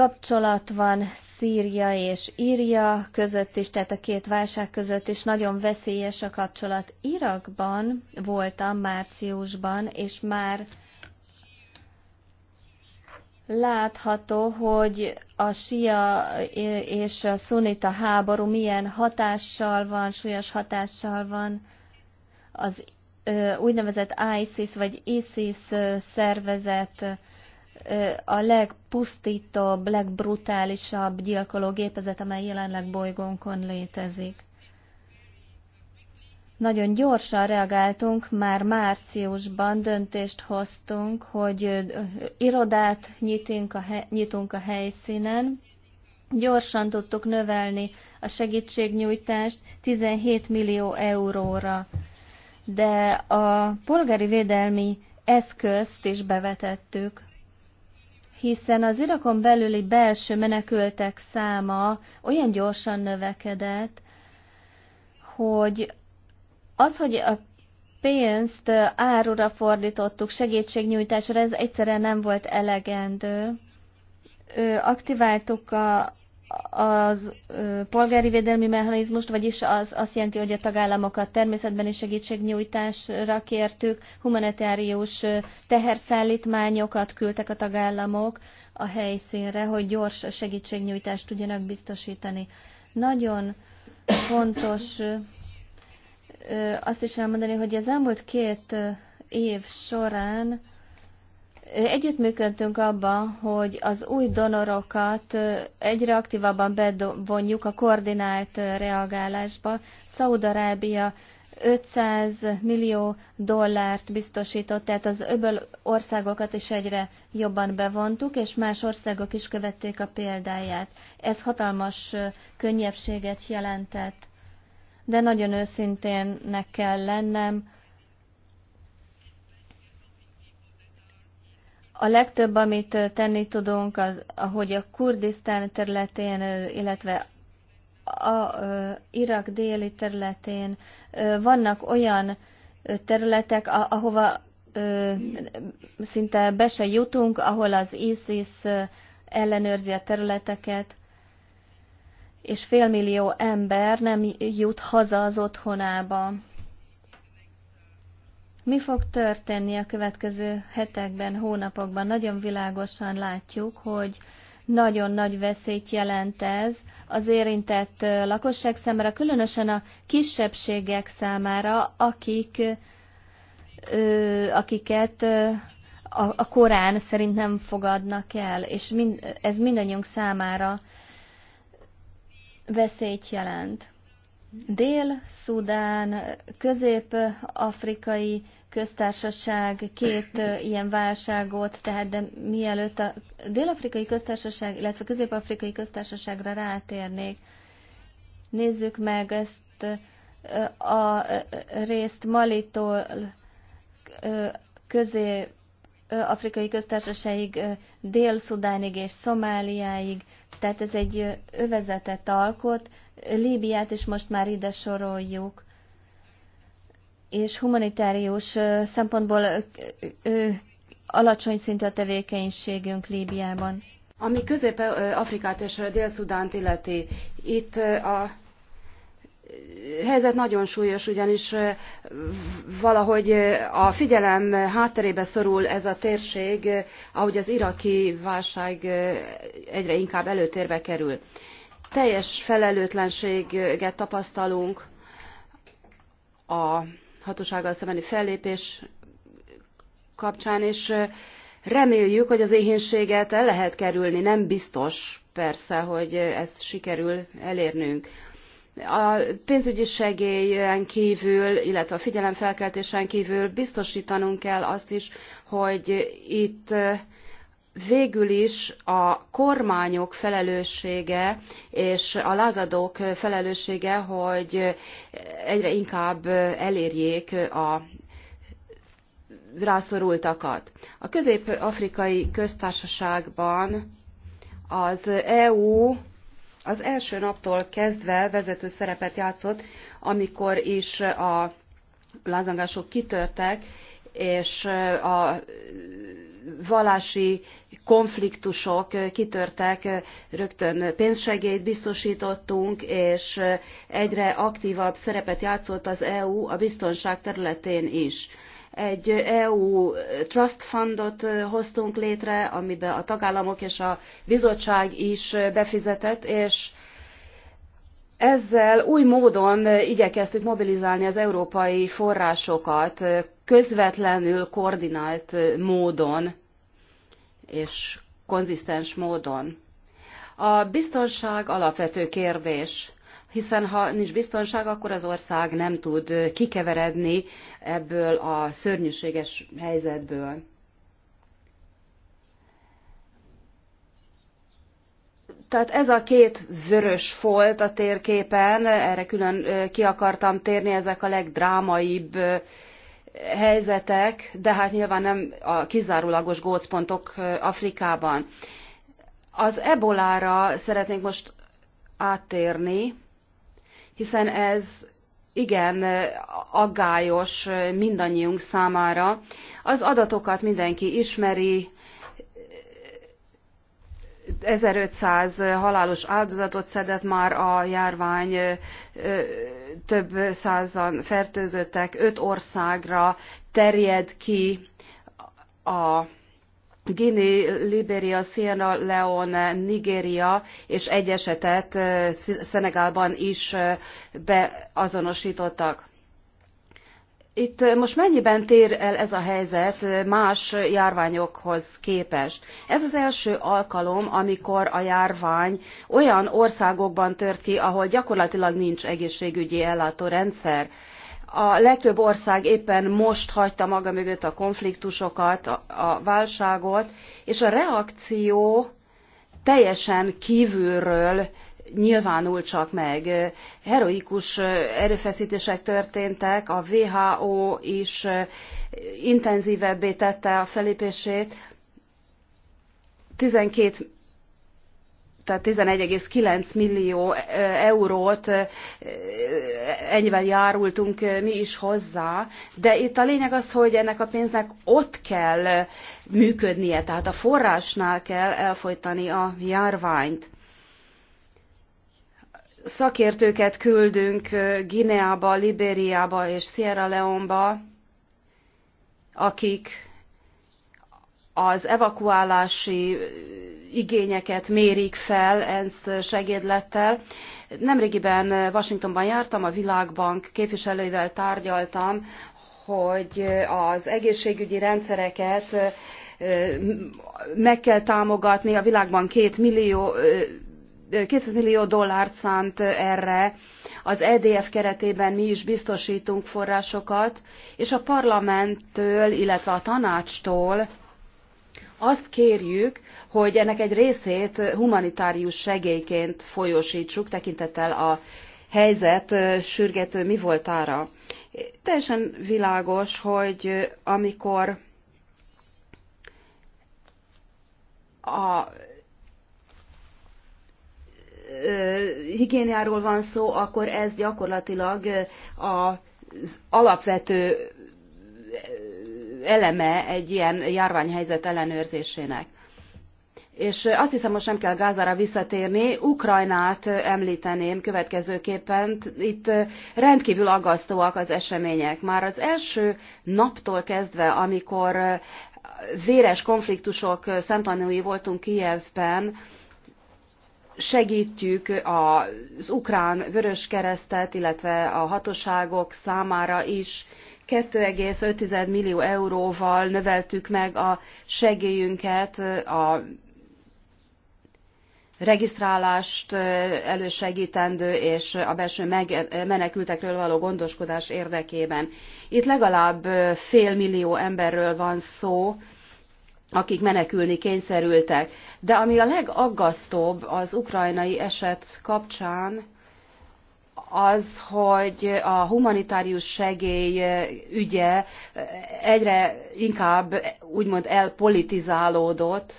kapcsolat van Szíria és Íria között is, tehát a két válság között is nagyon veszélyes a kapcsolat. Irakban voltam márciusban, és már látható, hogy a sia és a szunita háború milyen hatással van, súlyos hatással van az úgynevezett ISIS vagy ISIS szervezet a legpusztítóbb, legbrutálisabb gyilkológépezet, gépezet, amely jelenleg bolygónkon létezik. Nagyon gyorsan reagáltunk, már márciusban döntést hoztunk, hogy irodát nyitunk a, nyitunk a helyszínen, gyorsan tudtuk növelni a segítségnyújtást 17 millió euróra, de a polgári védelmi eszközt is bevetettük, hiszen az Irakon belüli belső menekültek száma olyan gyorsan növekedett, hogy az, hogy a pénzt árura fordítottuk segítségnyújtásra, ez egyszerűen nem volt elegendő. Aktiváltuk a az polgári védelmi mechanizmust, vagyis az azt jelenti, hogy a tagállamokat természetben is segítségnyújtásra kértük, humanitárius teherszállítmányokat küldtek a tagállamok a helyszínre, hogy gyors segítségnyújtást tudjanak biztosítani. Nagyon fontos azt is elmondani, hogy az elmúlt két év során Együttműködtünk abban, hogy az új donorokat egyre aktívabban bevonjuk a koordinált reagálásba. Szaudarábia 500 millió dollárt biztosított, tehát az öböl országokat is egyre jobban bevontuk, és más országok is követték a példáját. Ez hatalmas könnyebbséget jelentett, de nagyon őszintén kell lennem, A legtöbb, amit tenni tudunk, az, ahogy a Kurdisztán területén, illetve a Irak déli területén vannak olyan területek, ahova szinte be se jutunk, ahol az ISIS ellenőrzi a területeket, és félmillió ember nem jut haza az otthonába. Mi fog történni a következő hetekben, hónapokban? Nagyon világosan látjuk, hogy nagyon nagy veszélyt jelent ez az érintett lakosság számára, különösen a kisebbségek számára, akik, akiket a, Korán szerint nem fogadnak el, és ez mindannyiunk számára veszélyt jelent. Dél-Szudán, Közép-Afrikai Köztársaság két ilyen válságot, tehát de mielőtt a Dél-Afrikai Köztársaság, illetve Közép-Afrikai Köztársaságra rátérnék, nézzük meg ezt a részt Malitól Közép-Afrikai Köztársaságig, Dél-Szudánig és Szomáliáig, tehát ez egy övezetet alkot, Líbiát is most már ide soroljuk, és humanitárius szempontból alacsony szintű a tevékenységünk Líbiában. Ami Közép-Afrikát és Dél-Szudánt illeti, itt a helyzet nagyon súlyos, ugyanis valahogy a figyelem hátterébe szorul ez a térség, ahogy az iraki válság egyre inkább előtérbe kerül teljes felelőtlenséget tapasztalunk a hatósággal szembeni fellépés kapcsán, és reméljük, hogy az éhénységet el lehet kerülni. Nem biztos persze, hogy ezt sikerül elérnünk. A pénzügyi segélyen kívül, illetve a figyelemfelkeltésen kívül biztosítanunk kell azt is, hogy itt végül is a kormányok felelőssége és a lázadók felelőssége, hogy egyre inkább elérjék a rászorultakat. A közép-afrikai köztársaságban az EU az első naptól kezdve vezető szerepet játszott, amikor is a lázangások kitörtek, és a vallási konfliktusok kitörtek, rögtön pénzsegélyt biztosítottunk, és egyre aktívabb szerepet játszott az EU a biztonság területén is. Egy EU Trust Fundot hoztunk létre, amiben a tagállamok és a bizottság is befizetett, és ezzel új módon igyekeztük mobilizálni az európai forrásokat, közvetlenül koordinált módon és konzisztens módon. A biztonság alapvető kérdés, hiszen ha nincs biztonság, akkor az ország nem tud kikeveredni ebből a szörnyűséges helyzetből. Tehát ez a két vörös folt a térképen, erre külön ki akartam térni, ezek a legdrámaibb helyzetek, de hát nyilván nem a kizárólagos gócpontok Afrikában. Az ebolára szeretnénk most áttérni, hiszen ez igen aggályos mindannyiunk számára. Az adatokat mindenki ismeri, 1500 halálos áldozatot szedett már a járvány, több százan fertőzöttek, öt országra terjed ki a Guinea, Liberia, Sierra Leone, Nigeria és egy esetet Szenegálban is beazonosítottak. Itt eh, most mennyiben tér el ez a helyzet eh, más járványokhoz képest? Ez az első alkalom, amikor a járvány olyan országokban tört ki, ahol gyakorlatilag nincs egészségügyi ellátórendszer. A legtöbb ország éppen most hagyta maga mögött a konfliktusokat, a válságot, és a reakció teljesen kívülről nyilvánul csak meg. Heroikus erőfeszítések történtek, a WHO is intenzívebbé tette a felépését. 12 tehát 11,9 millió eurót ennyivel járultunk mi is hozzá, de itt a lényeg az, hogy ennek a pénznek ott kell működnie, tehát a forrásnál kell elfolytani a járványt szakértőket küldünk Gineába, Libériába és Sierra Leoneba, akik az evakuálási igényeket mérik fel ENSZ segédlettel. Nemrégiben Washingtonban jártam, a Világbank képviselőivel tárgyaltam, hogy az egészségügyi rendszereket meg kell támogatni. A világban két millió 200 millió dollárt szánt erre, az EDF keretében mi is biztosítunk forrásokat, és a parlamenttől, illetve a tanácstól azt kérjük, hogy ennek egy részét humanitárius segélyként folyósítsuk, tekintettel a helyzet sürgető mi voltára. Teljesen világos, hogy amikor a higiéniáról van szó, akkor ez gyakorlatilag az alapvető eleme egy ilyen járványhelyzet ellenőrzésének. És azt hiszem, most nem kell Gázára visszatérni. Ukrajnát említeném következőképpen. Itt rendkívül aggasztóak az események. Már az első naptól kezdve, amikor véres konfliktusok szemtanúi voltunk Kijevben, segítjük az ukrán vörös keresztet, illetve a hatóságok számára is. 2,5 millió euróval növeltük meg a segélyünket, a regisztrálást elősegítendő és a belső menekültekről való gondoskodás érdekében. Itt legalább fél millió emberről van szó, akik menekülni kényszerültek. De ami a legaggasztóbb az ukrajnai eset kapcsán, az, hogy a humanitárius segély ügye egyre inkább úgymond elpolitizálódott,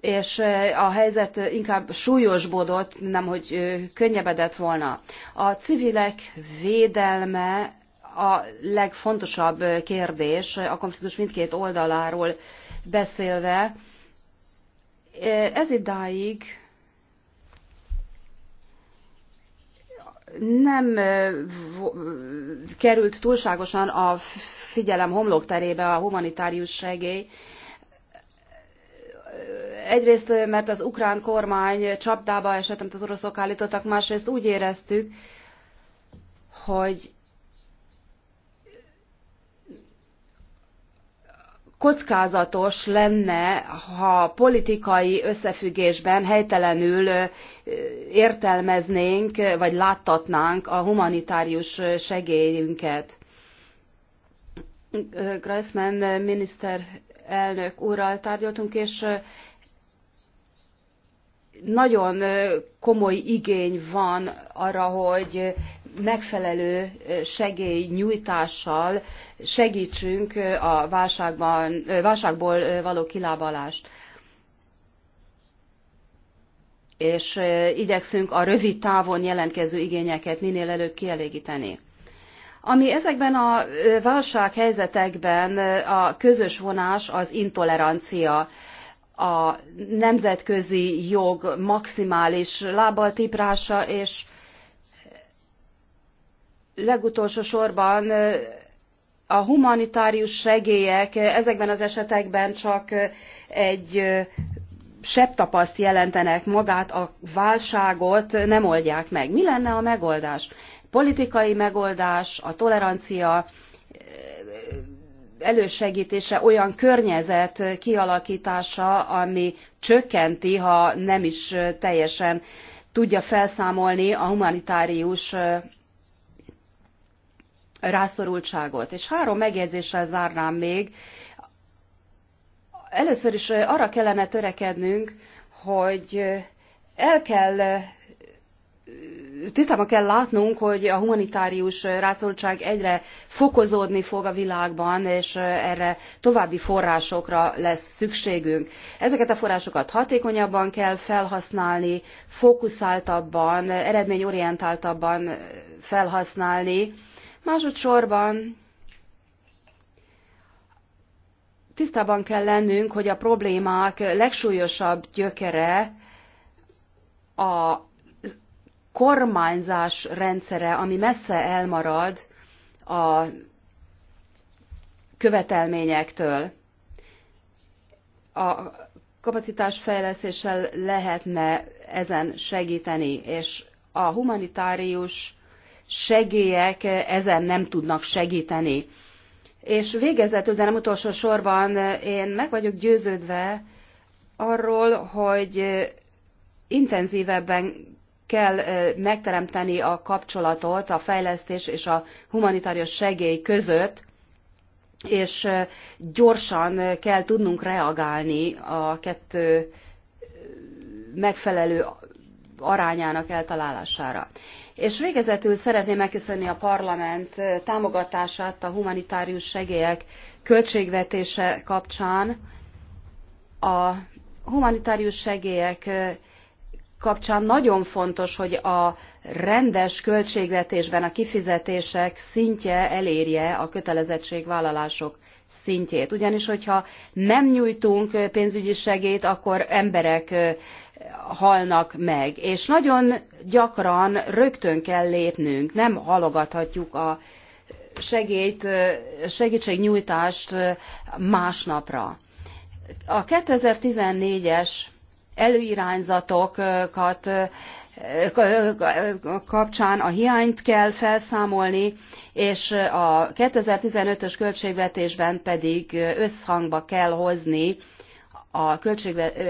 és a helyzet inkább súlyosbodott, nem hogy könnyebedett volna. A civilek védelme a legfontosabb kérdés a konfliktus mindkét oldaláról beszélve. Ez idáig nem került túlságosan a figyelem homlokterébe a humanitárius segély. Egyrészt, mert az ukrán kormány csapdába esett, amit az oroszok állítottak, másrészt úgy éreztük, hogy kockázatos lenne, ha politikai összefüggésben helytelenül értelmeznénk, vagy láttatnánk a humanitárius segélyünket. Greisman miniszterelnök úrral tárgyaltunk, és nagyon komoly igény van arra, hogy megfelelő segélynyújtással segítsünk a válságban, válságból való kilábalást. És igyekszünk a rövid távon jelentkező igényeket minél előbb kielégíteni. Ami ezekben a válsághelyzetekben a közös vonás az intolerancia, a nemzetközi jog maximális lábaltiprása és legutolsó sorban a humanitárius segélyek ezekben az esetekben csak egy septapaszt jelentenek magát, a válságot nem oldják meg. Mi lenne a megoldás? Politikai megoldás, a tolerancia elősegítése, olyan környezet kialakítása, ami csökkenti, ha nem is teljesen tudja felszámolni a humanitárius rászorultságot. És három megjegyzéssel zárnám még. Először is eh, arra kellene törekednünk, hogy eh, el kell eh, tisztában kell látnunk, hogy a humanitárius rászorultság egyre fokozódni fog a világban, és erre további forrásokra lesz szükségünk. Ezeket a forrásokat hatékonyabban kell felhasználni, fókuszáltabban, eredményorientáltabban felhasználni, Másodszorban tisztában kell lennünk, hogy a problémák legsúlyosabb gyökere a kormányzás rendszere, ami messze elmarad a követelményektől. A kapacitásfejlesztéssel lehetne ezen segíteni, és a humanitárius segélyek ezen nem tudnak segíteni. És végezetül, de nem utolsó sorban, én meg vagyok győződve arról, hogy intenzívebben kell megteremteni a kapcsolatot a fejlesztés és a humanitárius segély között, és gyorsan kell tudnunk reagálni a kettő megfelelő arányának eltalálására. És végezetül szeretném megköszönni a parlament támogatását a humanitárius segélyek költségvetése kapcsán. A humanitárius segélyek kapcsán nagyon fontos, hogy a rendes költségvetésben a kifizetések szintje elérje a kötelezettségvállalások szintjét. Ugyanis, hogyha nem nyújtunk pénzügyi segélyt, akkor emberek halnak meg. És nagyon gyakran rögtön kell lépnünk, nem halogathatjuk a segélyt, segítségnyújtást másnapra. A 2014-es előirányzatokat kapcsán a hiányt kell felszámolni, és a 2015-ös költségvetésben pedig összhangba kell hozni a,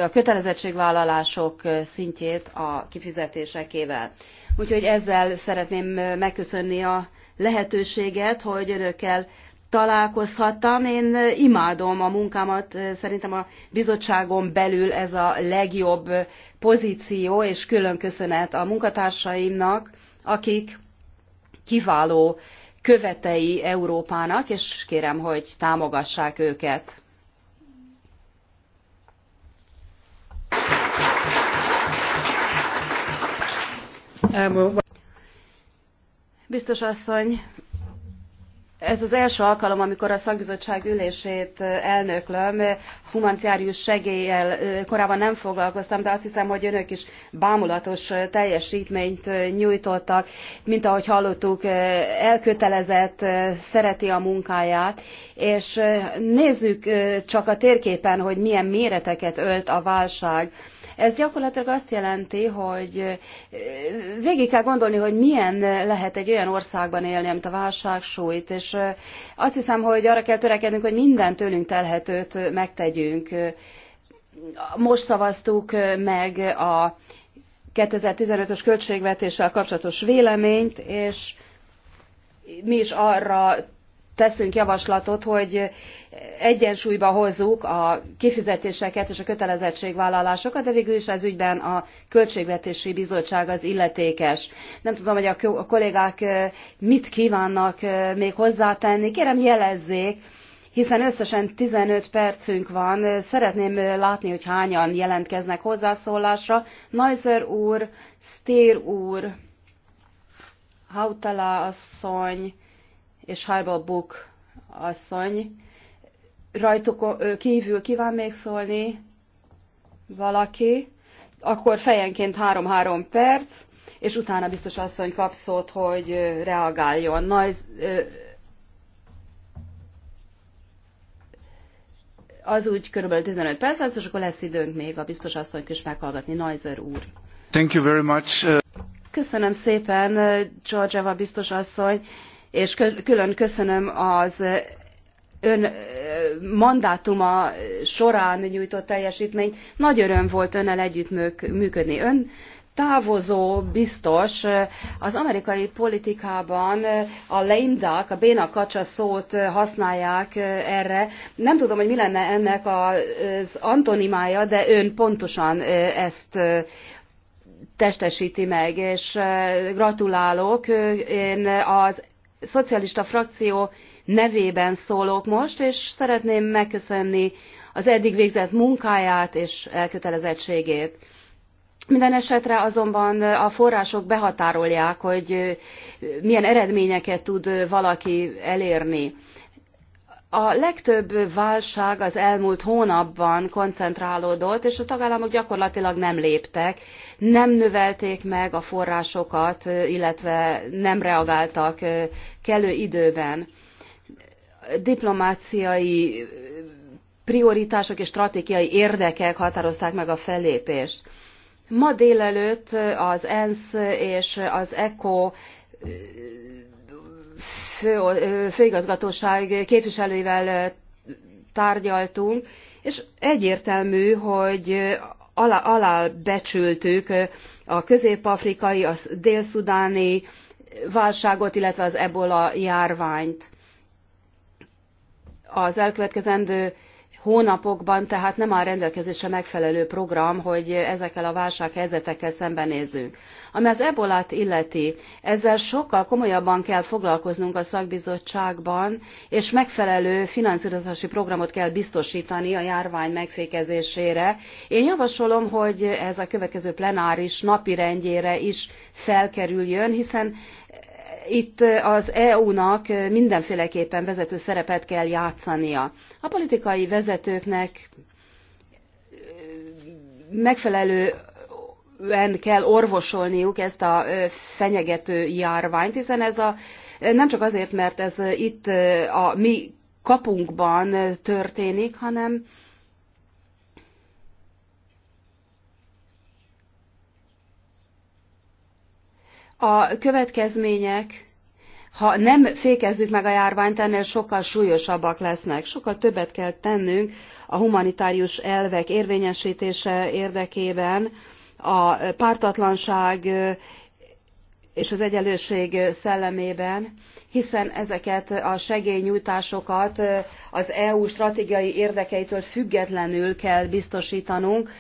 a kötelezettségvállalások szintjét a kifizetésekével. Úgyhogy ezzel szeretném megköszönni a lehetőséget, hogy önökkel találkozhattam. Én imádom a munkámat, szerintem a bizottságon belül ez a legjobb pozíció, és külön köszönet a munkatársaimnak, akik kiváló követei Európának, és kérem, hogy támogassák őket. Biztos asszony, ez az első alkalom, amikor a szakbizottság ülését elnöklöm, humanitárius segéllyel korábban nem foglalkoztam, de azt hiszem, hogy önök is bámulatos teljesítményt nyújtottak, mint ahogy hallottuk, elkötelezett, szereti a munkáját, és nézzük csak a térképen, hogy milyen méreteket ölt a válság ez gyakorlatilag azt jelenti, hogy végig kell gondolni, hogy milyen lehet egy olyan országban élni, amit a válság sújt, és azt hiszem, hogy arra kell törekednünk, hogy minden tőlünk telhetőt megtegyünk. Most szavaztuk meg a 2015-ös költségvetéssel kapcsolatos véleményt, és mi is arra teszünk javaslatot, hogy egyensúlyba hozzuk a kifizetéseket és a kötelezettségvállalásokat, de végül is ez ügyben a Költségvetési Bizottság az illetékes. Nem tudom, hogy a kollégák mit kívánnak még hozzátenni. Kérem jelezzék, hiszen összesen 15 percünk van. Szeretném látni, hogy hányan jelentkeznek hozzászólásra. Neuser úr, Stér úr, Hautala asszony, és Halba Buk asszony. Rajtuk kívül kíván még szólni valaki, akkor fejenként 3-3 perc, és utána biztos asszony kap szót, hogy reagáljon. Na, ez, az úgy körülbelül 15 perc lesz, és akkor lesz időnk még a biztos asszonyt is meghallgatni. Neuser úr. Thank you very much. Köszönöm szépen, Georgeva biztos asszony és külön köszönöm az ön mandátuma során nyújtott teljestményt. Nagy öröm volt önnel együttműködni. Ön távozó biztos az amerikai politikában a lame duck, a béna kacsa szót használják erre. Nem tudom, hogy mi lenne ennek az antonimája, de ön pontosan ezt testesíti meg, és gratulálok. Én az szocialista frakció nevében szólok most, és szeretném megköszönni az eddig végzett munkáját és elkötelezettségét. Minden esetre azonban a források behatárolják, hogy milyen eredményeket tud valaki elérni. A legtöbb válság az elmúlt hónapban koncentrálódott, és a tagállamok gyakorlatilag nem léptek, nem növelték meg a forrásokat, illetve nem reagáltak kellő időben. Diplomáciai prioritások és stratégiai érdekek határozták meg a fellépést. Ma délelőtt az ENSZ és az ECO fő, főigazgatóság képviselőivel tárgyaltunk, és egyértelmű, hogy alá, alábecsültük a közép-afrikai, a dél-szudáni válságot, illetve az ebola járványt. Az elkövetkezendő hónapokban tehát nem áll rendelkezésre megfelelő program, hogy ezekkel a válsághelyzetekkel szembenézzünk. Ami az ebolát illeti, ezzel sokkal komolyabban kell foglalkoznunk a szakbizottságban, és megfelelő finanszírozási programot kell biztosítani a járvány megfékezésére. Én javasolom, hogy ez a következő plenáris napirendjére is felkerüljön, hiszen itt az EU-nak mindenféleképpen vezető szerepet kell játszania. A politikai vezetőknek megfelelően kell orvosolniuk ezt a fenyegető járványt, hiszen ez a, nem csak azért, mert ez itt a mi kapunkban történik, hanem a következmények, ha nem fékezzük meg a járványt, ennél sokkal súlyosabbak lesznek. Sokkal többet kell tennünk a humanitárius elvek érvényesítése érdekében, a pártatlanság és az egyenlőség szellemében, hiszen ezeket a segélynyújtásokat az EU stratégiai érdekeitől függetlenül kell biztosítanunk,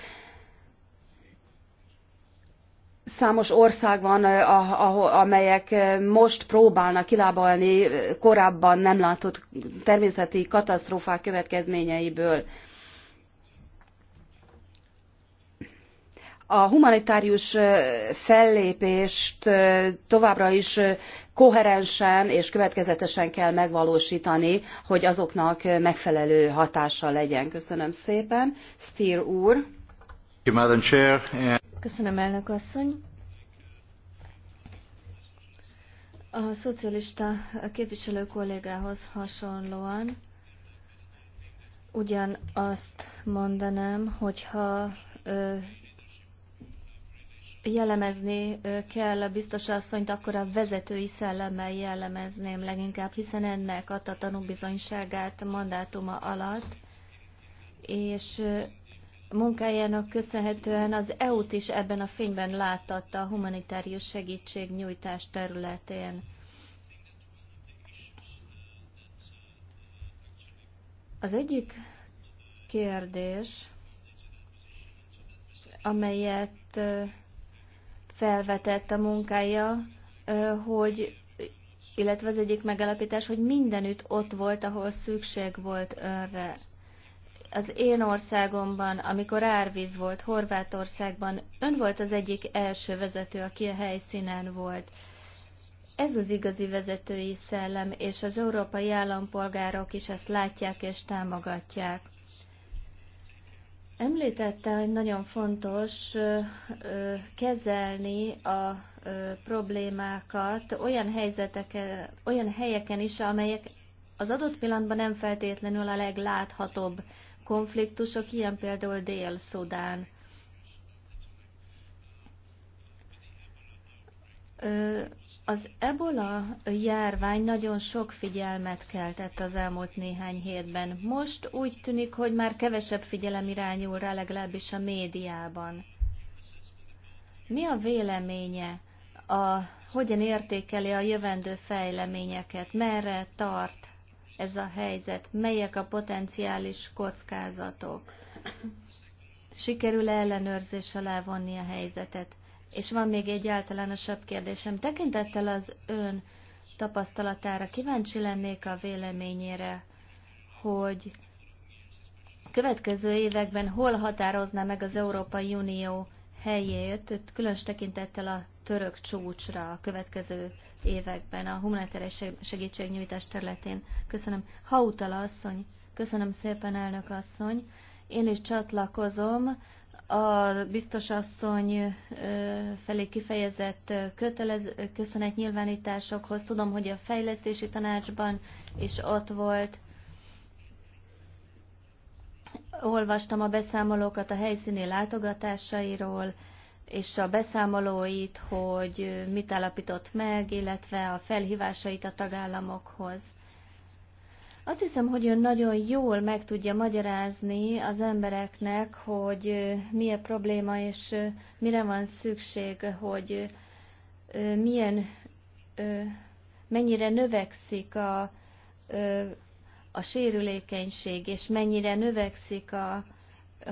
Számos ország van, eh, amelyek eh, most próbálnak kilábalni eh, korábban nem látott természeti katasztrófák következményeiből. a humanitárius fellépést továbbra is koherensen és következetesen kell megvalósítani, hogy azoknak megfelelő hatása legyen. Köszönöm szépen. Stier úr. Köszönöm, elnök asszony. A szocialista képviselő kollégához hasonlóan ugyan azt mondanám, hogyha ö, jellemezni kell a biztos asszonyt, akkor a vezetői szellemmel jellemezném leginkább, hiszen ennek adta tanúbizonyságát mandátuma alatt, és munkájának köszönhetően az EU-t is ebben a fényben láttatta a humanitárius segítségnyújtás területén. Az egyik kérdés, amelyet felvetett a munkája, hogy illetve az egyik megállapítás, hogy mindenütt ott volt, ahol szükség volt önre az én országomban, amikor árvíz volt Horvátországban, ön volt az egyik első vezető, aki a helyszínen volt. Ez az igazi vezetői szellem, és az európai állampolgárok is ezt látják és támogatják. Említette, hogy nagyon fontos kezelni a problémákat olyan, helyzeteken, olyan helyeken is, amelyek az adott pillanatban nem feltétlenül a legláthatóbb konfliktusok, ilyen például Dél-Szudán. Az ebola járvány nagyon sok figyelmet keltett az elmúlt néhány hétben. Most úgy tűnik, hogy már kevesebb figyelem irányul rá, legalábbis a médiában. Mi a véleménye? A, hogyan értékeli a jövendő fejleményeket? Merre tart? ez a helyzet, melyek a potenciális kockázatok, sikerül -e ellenőrzés alá vonni a helyzetet. És van még egy általánosabb kérdésem. Tekintettel az ön tapasztalatára kíváncsi lennék a véleményére, hogy következő években hol határozna meg az Európai Unió helyét, különös tekintettel a török csúcsra a következő években a humanitárius segítségnyújtás területén. Köszönöm. Hautala asszony, köszönöm szépen, elnök asszony. Én is csatlakozom a biztos asszony felé kifejezett kötelez, nyilvánításokhoz. Tudom, hogy a fejlesztési tanácsban is ott volt. Olvastam a beszámolókat a helyszíni látogatásairól, és a beszámolóit, hogy mit állapított meg, illetve a felhívásait a tagállamokhoz. Azt hiszem, hogy ön nagyon jól meg tudja magyarázni az embereknek, hogy mi a probléma, és mire van szükség, hogy milyen, mennyire növekszik a, a sérülékenység, és mennyire növekszik a,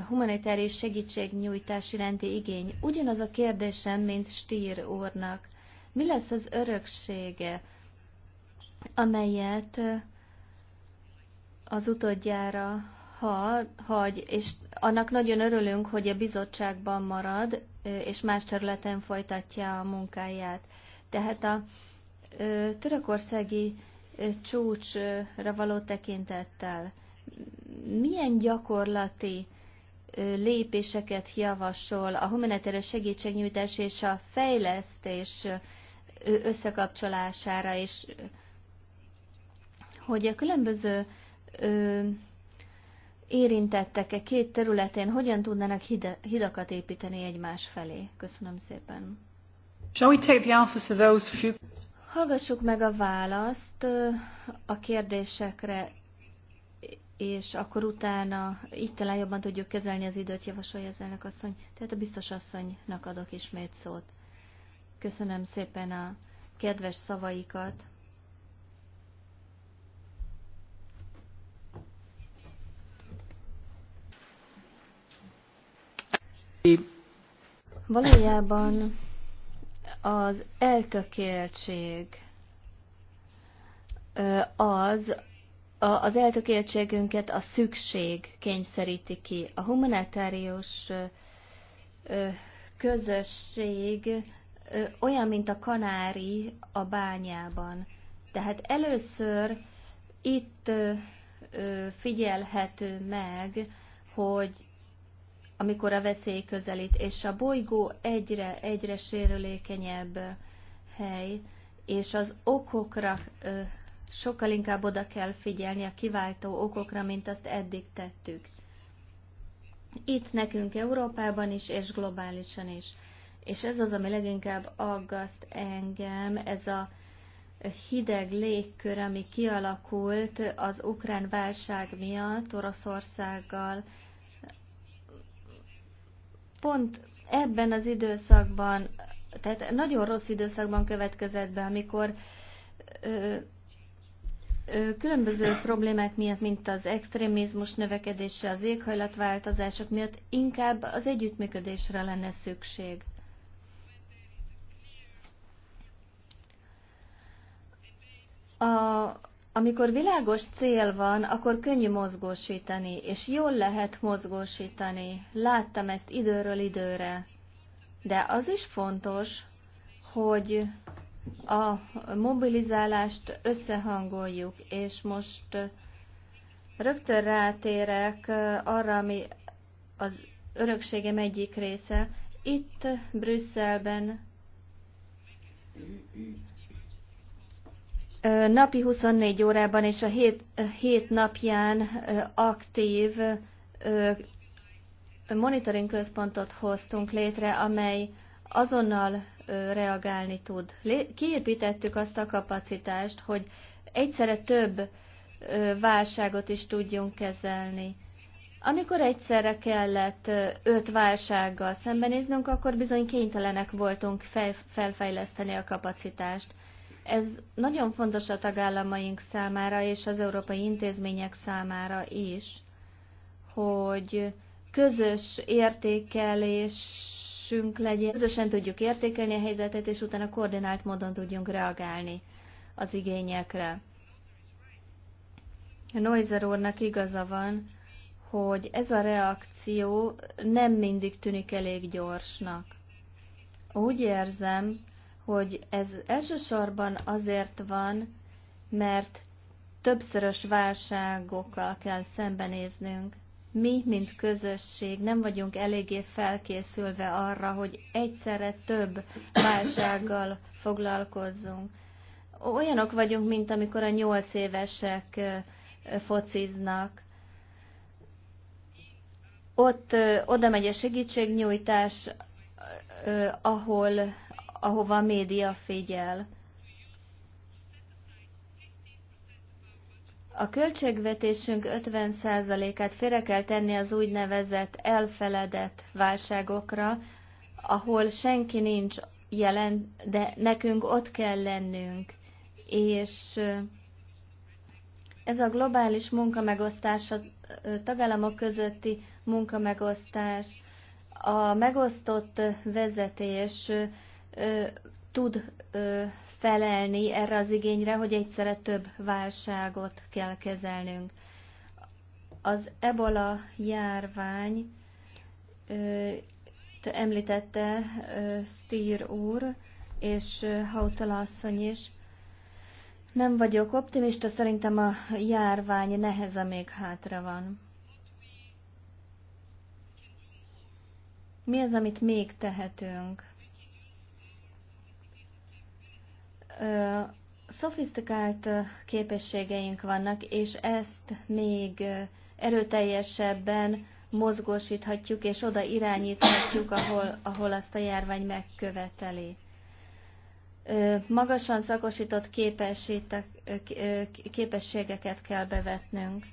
humanitárius segítségnyújtás iránti igény. Ugyanaz a kérdésem, mint Stír úrnak. Mi lesz az öröksége, amelyet az utódjára ha, hagy, és annak nagyon örülünk, hogy a bizottságban marad, és más területen folytatja a munkáját. Tehát a törökországi csúcsra való tekintettel milyen gyakorlati lépéseket javasol a humanitárius segítségnyújtás és a fejlesztés összekapcsolására, és hogy a különböző érintettek -e két területén hogyan tudnának hidakat építeni egymás felé. Köszönöm szépen. Shall we take the answers to those few... Hallgassuk meg a választ a kérdésekre és akkor utána így talán jobban tudjuk kezelni az időt, javasolja az elnök asszony. Tehát a biztos asszonynak adok ismét szót. Köszönöm szépen a kedves szavaikat. Valójában az eltökéltség az, a, az eltökéltségünket a szükség kényszeríti ki. A humanitárius közösség olyan, mint a kanári a bányában. Tehát először itt figyelhető meg, hogy amikor a veszély közelít, és a bolygó egyre, egyre sérülékenyebb hely, és az okokra sokkal inkább oda kell figyelni a kiváltó okokra, mint azt eddig tettük. Itt nekünk Európában is, és globálisan is. És ez az, ami leginkább aggaszt engem, ez a hideg légkör, ami kialakult az ukrán válság miatt Oroszországgal. Pont ebben az időszakban, tehát nagyon rossz időszakban következett be, amikor különböző problémák miatt, mint az extrémizmus növekedése, az éghajlatváltozások miatt inkább az együttműködésre lenne szükség. A, amikor világos cél van, akkor könnyű mozgósítani, és jól lehet mozgósítani. Láttam ezt időről időre. De az is fontos, hogy a mobilizálást összehangoljuk, és most rögtön rátérek arra, ami az örökségem egyik része. Itt Brüsszelben napi 24 órában és a 7, 7 napján aktív monitoring központot hoztunk létre, amely azonnal reagálni tud. Kiépítettük azt a kapacitást, hogy egyszerre több válságot is tudjunk kezelni. Amikor egyszerre kellett öt válsággal szembenéznünk, akkor bizony kénytelenek voltunk felfejleszteni a kapacitást. Ez nagyon fontos a tagállamaink számára és az európai intézmények számára is, hogy közös értékelés elérésünk legyen, közösen tudjuk értékelni a helyzetet, és utána koordinált módon tudjunk reagálni az igényekre. Noizer úrnak igaza van, hogy ez a reakció nem mindig tűnik elég gyorsnak. Úgy érzem, hogy ez elsősorban azért van, mert többszörös válságokkal kell szembenéznünk, mi, mint közösség nem vagyunk eléggé felkészülve arra, hogy egyszerre több válsággal foglalkozzunk. Olyanok vagyunk, mint amikor a nyolc évesek fociznak. Ott oda megy a segítségnyújtás, ahol, ahova a média figyel. A költségvetésünk 50%-át félre kell tenni az úgynevezett elfeledett válságokra, ahol senki nincs jelen, de nekünk ott kell lennünk. És ez a globális munkamegosztás, a tagállamok közötti munkamegosztás, a megosztott vezetés tud felelni erre az igényre, hogy egyszerre több válságot kell kezelnünk. Az ebola járvány te említette Stier úr és Hautala asszony is. Nem vagyok optimista, szerintem a járvány neheze még hátra van. Mi az, amit még tehetünk? szofisztikált képességeink vannak, és ezt még erőteljesebben mozgósíthatjuk, és oda irányíthatjuk, ahol, ahol azt a járvány megköveteli. Magasan szakosított képességeket kell bevetnünk.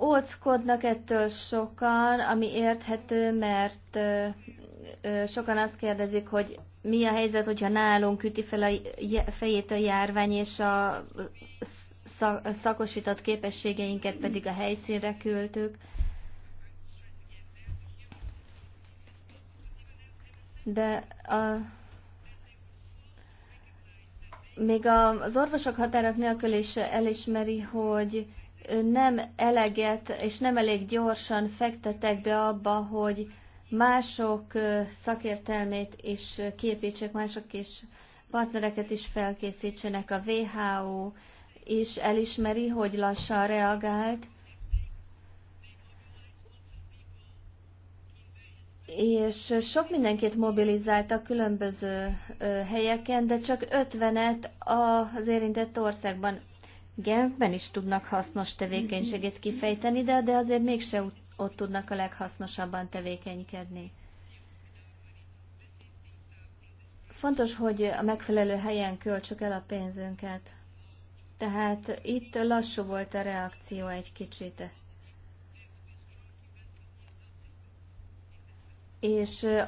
Óckodnak ettől sokan, ami érthető, mert sokan azt kérdezik, hogy mi a helyzet, hogyha nálunk üti fel a fejét a járvány, és a szakosított képességeinket pedig a helyszínre küldtük. De a, még az orvosok határok nélkül is elismeri, hogy nem eleget és nem elég gyorsan fektetek be abba, hogy mások szakértelmét is képítsék, mások is partnereket is felkészítsenek. A WHO is elismeri, hogy lassan reagált, és sok mindenkit mobilizáltak különböző helyeken, de csak 50-et az érintett országban. Genfben is tudnak hasznos tevékenységet kifejteni, de, de azért mégse ott tudnak a leghasznosabban tevékenykedni. Fontos, hogy a megfelelő helyen költsük el a pénzünket. Tehát itt lassú volt a reakció egy kicsit. És eh,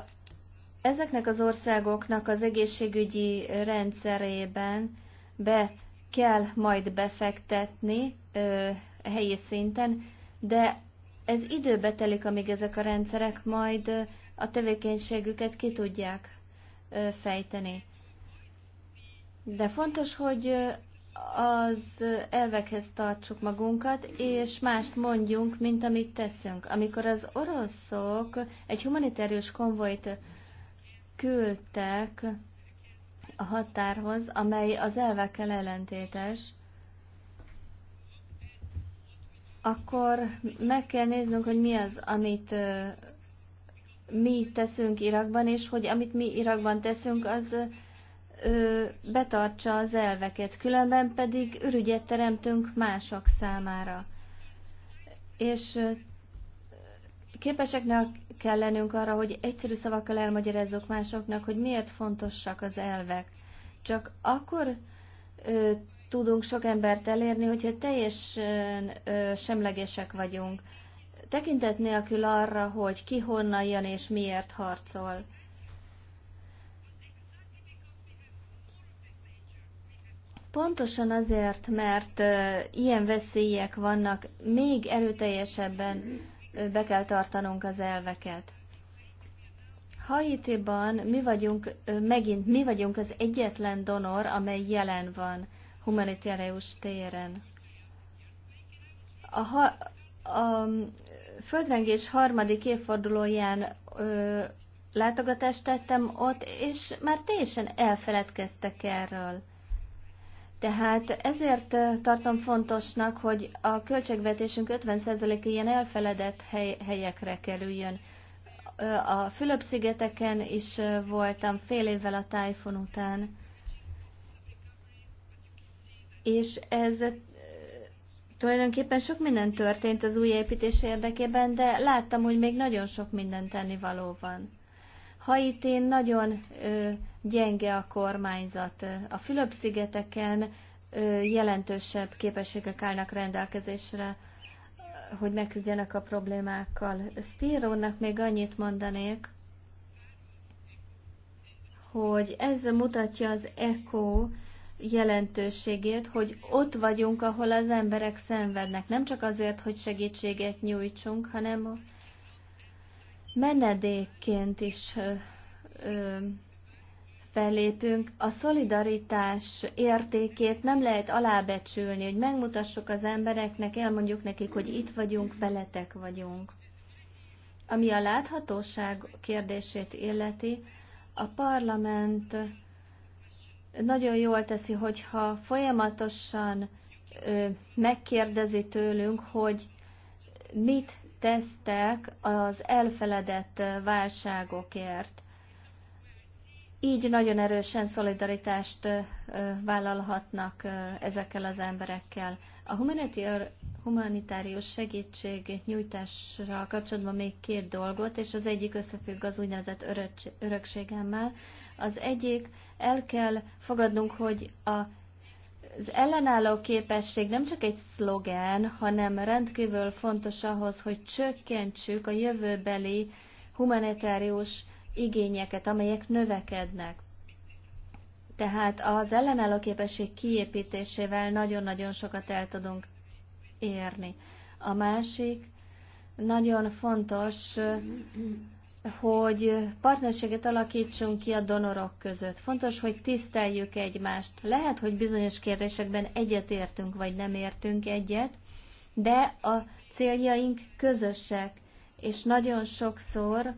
ezeknek az országoknak az egészségügyi rendszerében be kell majd befektetni ö, eh, helyi szinten, de ez időbe telik, amíg ezek a rendszerek majd a tevékenységüket ki tudják fejteni. De fontos, hogy az elvekhez tartsuk magunkat, és mást mondjunk, mint amit teszünk. Amikor az oroszok egy humanitárius konvojt küldtek a határhoz, amely az elvekkel ellentétes, akkor meg kell néznünk, hogy mi az, amit mi teszünk Irakban, és hogy amit mi Irakban teszünk, az ö, betartsa az elveket, különben pedig ürügyet teremtünk mások számára. És képeseknek kell lennünk arra, hogy egyszerű szavakkal elmagyarázzuk másoknak, hogy miért fontosak az elvek. Csak akkor ö, tudunk sok embert elérni, hogyha teljesen semlegesek vagyunk. Tekintet nélkül arra, hogy ki honnan jön és miért harcol. Pontosan azért, mert ilyen veszélyek vannak, még erőteljesebben be kell tartanunk az elveket. Haitiban mi vagyunk, megint mi vagyunk az egyetlen donor, amely jelen van humanitárius e téren. A, ha, a földrengés harmadik évfordulóján ö, látogatást tettem ott, és már teljesen elfeledkeztek erről. Tehát ezért tartom fontosnak, hogy a költségvetésünk 50%-a ilyen elfeledett hely, helyekre kerüljön. A Fülöp-szigeteken is voltam fél évvel a tájfon után és ez tulajdonképpen sok minden történt az új építés érdekében, de láttam, hogy még nagyon sok minden való van. Haitén nagyon ö, gyenge a kormányzat. A Fülöp-szigeteken ö, jelentősebb képességek állnak rendelkezésre, hogy megküzdjenek a problémákkal. Stírónak még annyit mondanék, hogy ez mutatja az ECO jelentőségét, hogy ott vagyunk, ahol az emberek szenvednek. Nem csak azért, hogy segítséget nyújtsunk, hanem a menedékként is ö, ö, fellépünk. A szolidaritás értékét nem lehet alábecsülni, hogy megmutassuk az embereknek, elmondjuk nekik, hogy itt vagyunk, veletek vagyunk. Ami a láthatóság kérdését illeti, a parlament nagyon jól teszi, hogyha folyamatosan megkérdezi tőlünk, hogy mit tesztek az elfeledett válságokért. Így nagyon erősen szolidaritást vállalhatnak ezekkel az emberekkel. A humanitárius segítség nyújtásra kapcsolatban még két dolgot, és az egyik összefügg az úgynevezett örökségemmel. Az egyik, el kell fogadnunk, hogy a, az ellenálló képesség nem csak egy szlogen, hanem rendkívül fontos ahhoz, hogy csökkentsük a jövőbeli humanitárius igényeket, amelyek növekednek. Tehát az ellenálló képesség kiépítésével nagyon-nagyon sokat el tudunk érni. A másik nagyon fontos hogy partnerséget alakítsunk ki a donorok között. Fontos, hogy tiszteljük egymást. Lehet, hogy bizonyos kérdésekben egyetértünk, vagy nem értünk egyet, de a céljaink közösek, és nagyon sokszor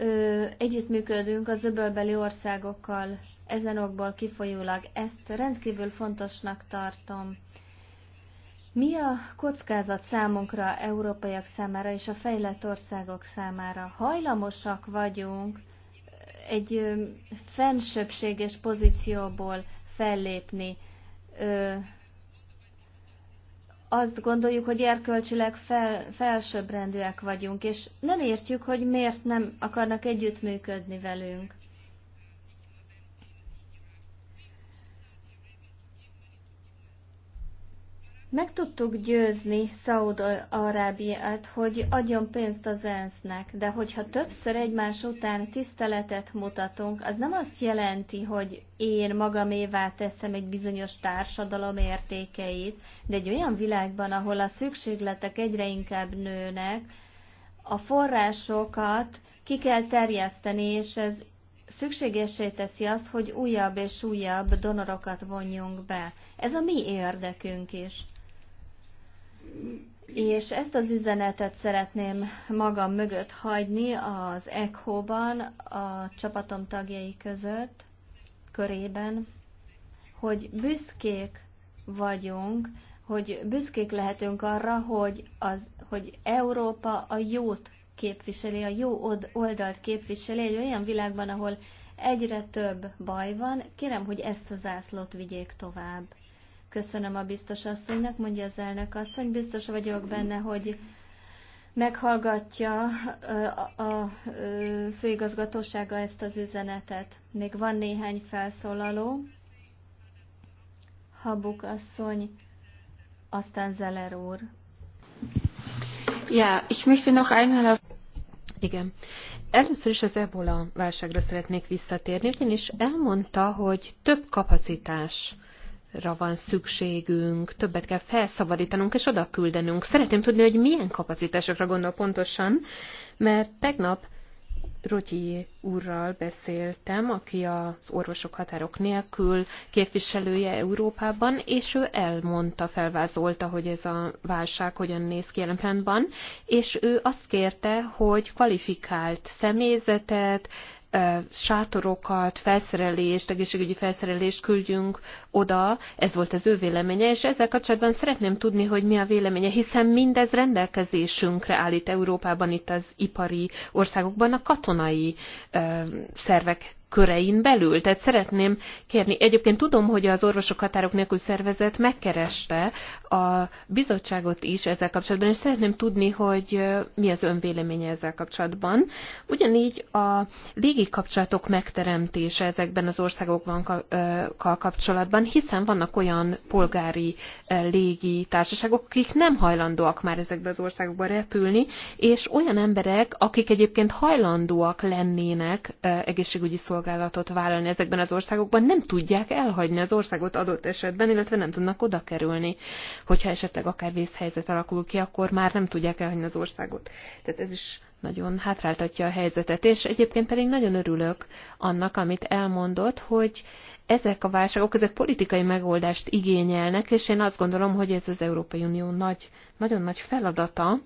ö, együttműködünk az öbölbeli országokkal, ezen okból kifolyólag. Ezt rendkívül fontosnak tartom. Mi a kockázat számunkra, európaiak számára és a fejlett országok számára? Hajlamosak vagyunk egy fensőbséges pozícióból fellépni. Azt gondoljuk, hogy erkölcsileg fel, felsőbbrendűek vagyunk, és nem értjük, hogy miért nem akarnak együttműködni velünk. Meg tudtuk győzni Szaúd-Arábiát, hogy adjon pénzt az ENSZ-nek, de hogyha többször egymás után tiszteletet mutatunk, az nem azt jelenti, hogy én magamévá teszem egy bizonyos társadalom értékeit, de egy olyan világban, ahol a szükségletek egyre inkább nőnek, a forrásokat ki kell terjeszteni, és ez szükségesé teszi azt, hogy újabb és újabb donorokat vonjunk be. Ez a mi érdekünk is. És ezt az üzenetet szeretném magam mögött hagyni az ECHO-ban, a csapatom tagjai között, körében, hogy büszkék vagyunk, hogy büszkék lehetünk arra, hogy, az, hogy Európa a jót képviseli, a jó oldalt képviseli egy olyan világban, ahol egyre több baj van. Kérem, hogy ezt a zászlót vigyék tovább. Köszönöm a biztos asszonynak, mondja az elnök asszony. Biztos vagyok benne, hogy meghallgatja a főigazgatósága ezt az üzenetet. Még van néhány felszólaló. Habuk asszony, aztán Zeller úr. Ja, ich möchte noch einmal igen. Először is az ebola válságra szeretnék visszatérni, ugyanis elmondta, hogy több kapacitás ra van szükségünk, többet kell felszabadítanunk és oda küldenünk. Szeretném tudni, hogy milyen kapacitásokra gondol pontosan, mert tegnap Rotyi úrral beszéltem, aki az Orvosok Határok Nélkül képviselője Európában, és ő elmondta, felvázolta, hogy ez a válság hogyan néz ki jelen és ő azt kérte, hogy kvalifikált személyzetet, sátorokat, felszerelést, egészségügyi felszerelést küldjünk oda, ez volt az ő véleménye, és ezzel kapcsolatban szeretném tudni, hogy mi a véleménye, hiszen mindez rendelkezésünkre állít Európában, itt az ipari országokban a katonai szervek körein belül. Tehát szeretném kérni, egyébként tudom, hogy az Orvosok Határok Nélkül Szervezet megkereste a bizottságot is ezzel kapcsolatban, és szeretném tudni, hogy mi az véleménye ezzel kapcsolatban. Ugyanígy a légi kapcsolatok megteremtése ezekben az országokban kapcsolatban, hiszen vannak olyan polgári légi társaságok, akik nem hajlandóak már ezekbe az országokba repülni, és olyan emberek, akik egyébként hajlandóak lennének egészségügyi szolgálatokban, szolgálatot vállalni ezekben az országokban, nem tudják elhagyni az országot adott esetben, illetve nem tudnak oda kerülni. Hogyha esetleg akár vészhelyzet alakul ki, akkor már nem tudják elhagyni az országot. Tehát ez is nagyon hátráltatja a helyzetet, és egyébként pedig nagyon örülök annak, amit elmondott, hogy ezek a válságok, ezek politikai megoldást igényelnek, és én azt gondolom, hogy ez az Európai Unió nagy, nagyon nagy feladata.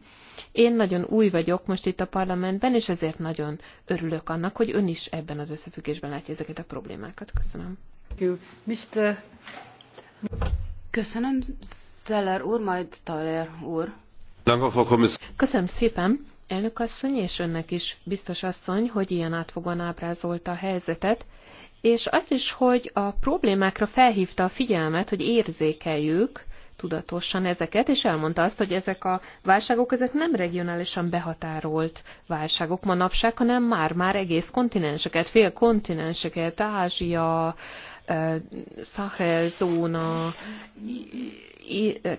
Én nagyon új vagyok most itt a parlamentben, és ezért nagyon örülök annak, hogy ön is ebben az összefüggésben látja ezeket a problémákat. Köszönöm. Mr. Köszönöm, Zeller úr, majd Taler úr. Köszönöm szépen, elnök asszony, és önnek is biztos asszony, hogy ilyen átfogóan ábrázolta a helyzetet és az is, hogy a problémákra felhívta a figyelmet, hogy érzékeljük tudatosan ezeket, és elmondta azt, hogy ezek a válságok ezek nem regionálisan behatárolt válságok manapság, hanem már-már egész kontinenseket, fél kontinenseket, Ázsia, Sahel zóna,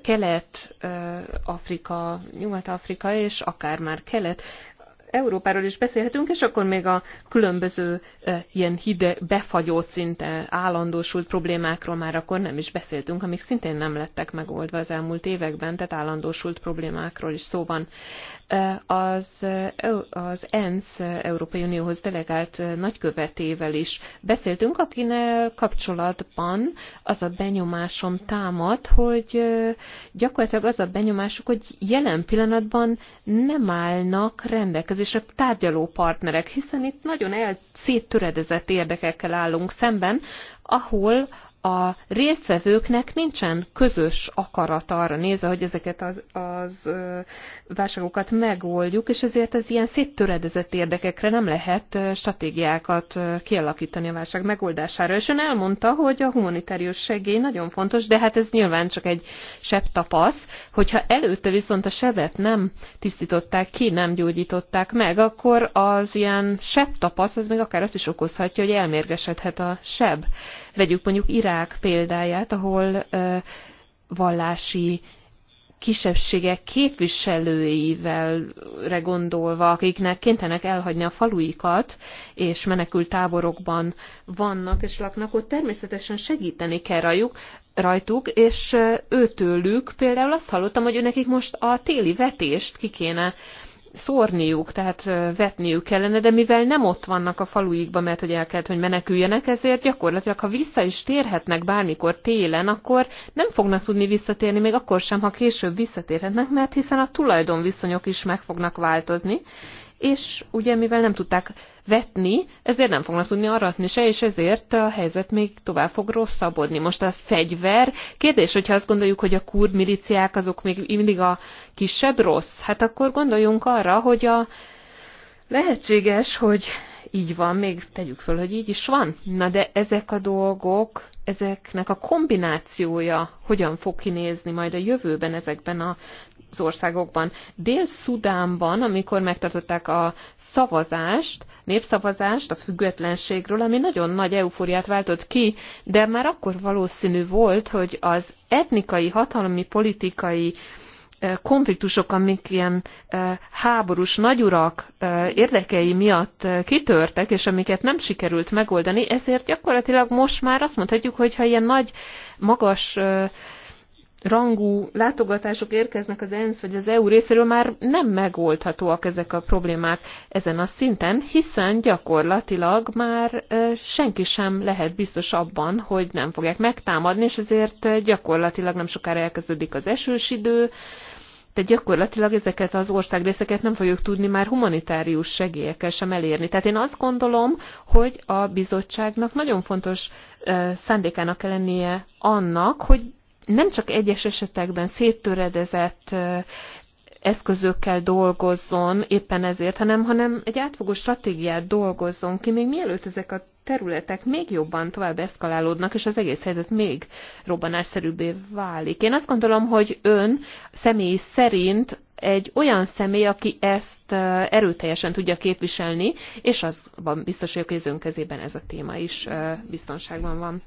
Kelet-Afrika, Nyugat-Afrika és akár már Kelet Európáról is beszélhetünk, és akkor még a különböző eh, ilyen hide, befagyó szinte állandósult problémákról már akkor nem is beszéltünk, amik szintén nem lettek megoldva az elmúlt években, tehát állandósult problémákról is szó van. Eh, az, eh, az ENSZ Európai Unióhoz delegált nagykövetével is beszéltünk, akinek kapcsolatban az a benyomásom támad, hogy gyakorlatilag az a benyomásuk, hogy jelen pillanatban nem állnak rendelkezésre rendelkezésre tárgyaló partnerek, hiszen itt nagyon el széttöredezett érdekekkel állunk szemben, ahol a résztvevőknek nincsen közös akarat arra nézve, hogy ezeket az, az válságokat megoldjuk, és ezért ez ilyen széttöredezett érdekekre nem lehet stratégiákat kialakítani a válság megoldására. És ön elmondta, hogy a humanitárius segély nagyon fontos, de hát ez nyilván csak egy sebb tapasz, hogyha előtte viszont a sebet nem tisztították ki, nem gyógyították meg, akkor az ilyen sebb tapasz, az még akár azt is okozhatja, hogy elmérgesedhet a seb Vegyük mondjuk Irák példáját, ahol vallási kisebbségek képviselőivel gondolva, akiknek kéntenek elhagyni a faluikat, és menekült táborokban vannak és laknak, ott természetesen segíteni kell rajuk, rajtuk, és őtőlük például azt hallottam, hogy nekik most a téli vetést ki kéne szórniuk, tehát vetniük kellene, de mivel nem ott vannak a faluikba, mert hogy el kellett, hogy meneküljenek, ezért gyakorlatilag, ha vissza is térhetnek bármikor télen, akkor nem fognak tudni visszatérni, még akkor sem, ha később visszatérhetnek, mert hiszen a tulajdonviszonyok is meg fognak változni, és ugye mivel nem tudták vetni, ezért nem fognak tudni aratni se, és ezért a helyzet még tovább fog rosszabbodni. Most a fegyver, kérdés, hogyha azt gondoljuk, hogy a kurd miliciák azok még mindig a kisebb rossz, hát akkor gondoljunk arra, hogy a lehetséges, hogy így van, még tegyük föl, hogy így is van. Na de ezek a dolgok, ezeknek a kombinációja hogyan fog kinézni majd a jövőben ezekben a az országokban. Dél-Szudánban, amikor megtartották a szavazást, népszavazást a függetlenségről, ami nagyon nagy eufóriát váltott ki, de már akkor valószínű volt, hogy az etnikai, hatalmi, politikai konfliktusok, amik ilyen háborús nagyurak érdekei miatt kitörtek, és amiket nem sikerült megoldani, ezért gyakorlatilag most már azt mondhatjuk, hogy ha ilyen nagy, magas rangú látogatások érkeznek az ENSZ vagy az EU részéről, már nem megoldhatóak ezek a problémák ezen a szinten, hiszen gyakorlatilag már senki sem lehet biztos abban, hogy nem fogják megtámadni, és ezért gyakorlatilag nem sokára elkezdődik az esős idő, tehát gyakorlatilag ezeket az országrészeket nem fogjuk tudni már humanitárius segélyekkel sem elérni. Tehát én azt gondolom, hogy a bizottságnak nagyon fontos szándékának kell lennie annak, hogy nem csak egyes esetekben széttöredezett eszközökkel dolgozzon éppen ezért, hanem, hanem egy átfogó stratégiát dolgozzon ki, még mielőtt ezek a területek még jobban tovább eszkalálódnak, és az egész helyzet még robbanásszerűbbé válik. Én azt gondolom, hogy ön személy szerint egy olyan személy, aki ezt erőteljesen tudja képviselni, és van biztos hogy a kezében ez a téma is biztonságban van.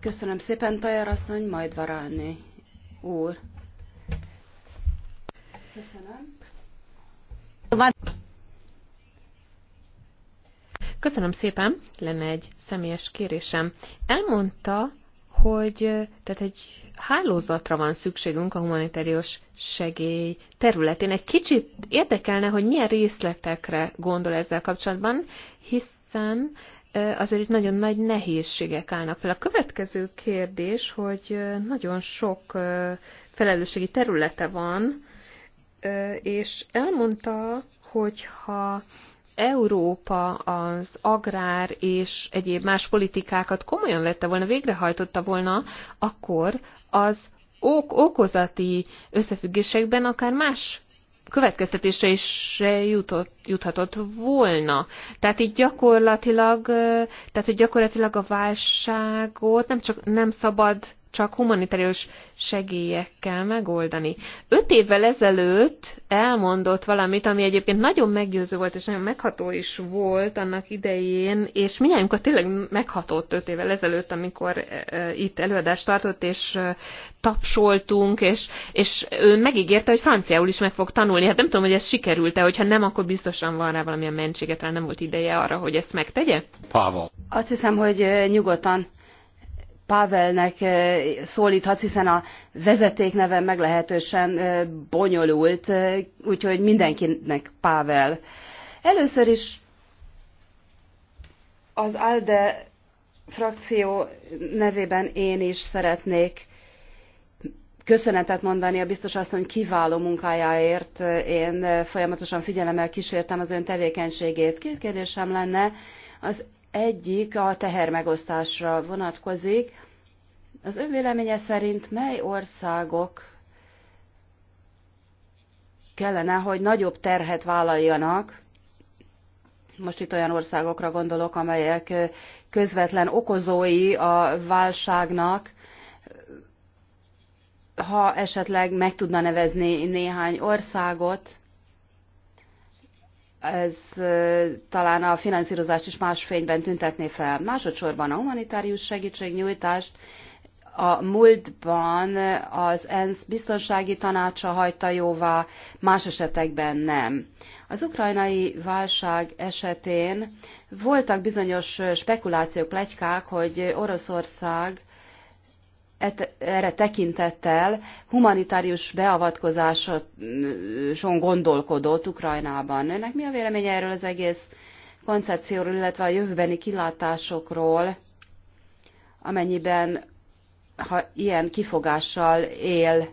Köszönöm szépen, Tajer asszony, majd varálni. Úr. Köszönöm. Köszönöm szépen, lenne egy személyes kérésem. Elmondta, hogy tehát egy hálózatra van szükségünk a humanitárius segély területén. Egy kicsit érdekelne, hogy milyen részletekre gondol ezzel kapcsolatban, hiszen azért itt nagyon nagy nehézségek állnak fel. A következő kérdés, hogy nagyon sok felelősségi területe van, és elmondta, hogyha Európa az agrár és egyéb más politikákat komolyan vette volna, végrehajtotta volna, akkor az ok okozati összefüggésekben akár más következtetése is jutott, juthatott volna. Tehát így gyakorlatilag, tehát hogy gyakorlatilag a válságot nem csak nem szabad csak humanitárius segélyekkel megoldani. Öt évvel ezelőtt elmondott valamit, ami egyébként nagyon meggyőző volt, és nagyon megható is volt annak idején, és mindjárt tényleg meghatott öt évvel ezelőtt, amikor e, e, itt előadást tartott, és e, tapsoltunk, és, és ő megígérte, hogy franciául is meg fog tanulni. Hát nem tudom, hogy ez sikerült-e, hogyha nem, akkor biztosan van rá valamilyen mentséget, rá nem volt ideje arra, hogy ezt megtegye? Pavel. Azt hiszem, hogy nyugodtan Pavelnek szólíthatsz, hiszen a vezetéknevem meglehetősen bonyolult, úgyhogy mindenkinek Pavel. Először is az ALDE frakció nevében én is szeretnék köszönetet mondani a biztos asszony kiváló munkájáért. Én folyamatosan figyelemmel kísértem az ön tevékenységét. Két kérdésem lenne. Az egyik a tehermegosztásra vonatkozik. Az ön véleménye szerint mely országok kellene, hogy nagyobb terhet vállaljanak, most itt olyan országokra gondolok, amelyek közvetlen okozói a válságnak, ha esetleg meg tudna nevezni néhány országot, ez talán a finanszírozást is más fényben tüntetné fel. Másodszorban a humanitárius segítségnyújtást a múltban az ENSZ biztonsági tanácsa hagyta jóvá, más esetekben nem. Az ukrajnai válság esetén voltak bizonyos spekulációk, plegykák, hogy Oroszország erre tekintettel humanitárius beavatkozáson gondolkodott Ukrajnában. Önnek mi a véleménye erről az egész koncepcióról, illetve a jövőbeni kilátásokról, amennyiben, ha ilyen kifogással él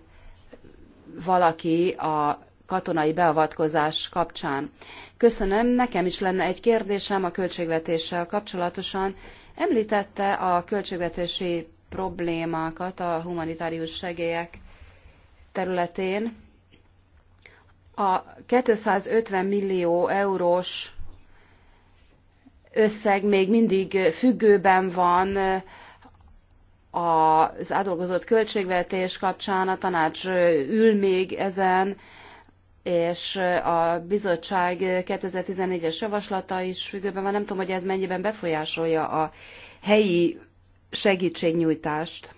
valaki a katonai beavatkozás kapcsán. Köszönöm, nekem is lenne egy kérdésem a költségvetéssel kapcsolatosan. Említette a költségvetési problémákat a humanitárius segélyek területén. A 250 millió eurós összeg még mindig függőben van az átdolgozott költségvetés kapcsán, a tanács ül még ezen, és a bizottság 2014-es javaslata is függőben van. Nem tudom, hogy ez mennyiben befolyásolja a helyi segítségnyújtást.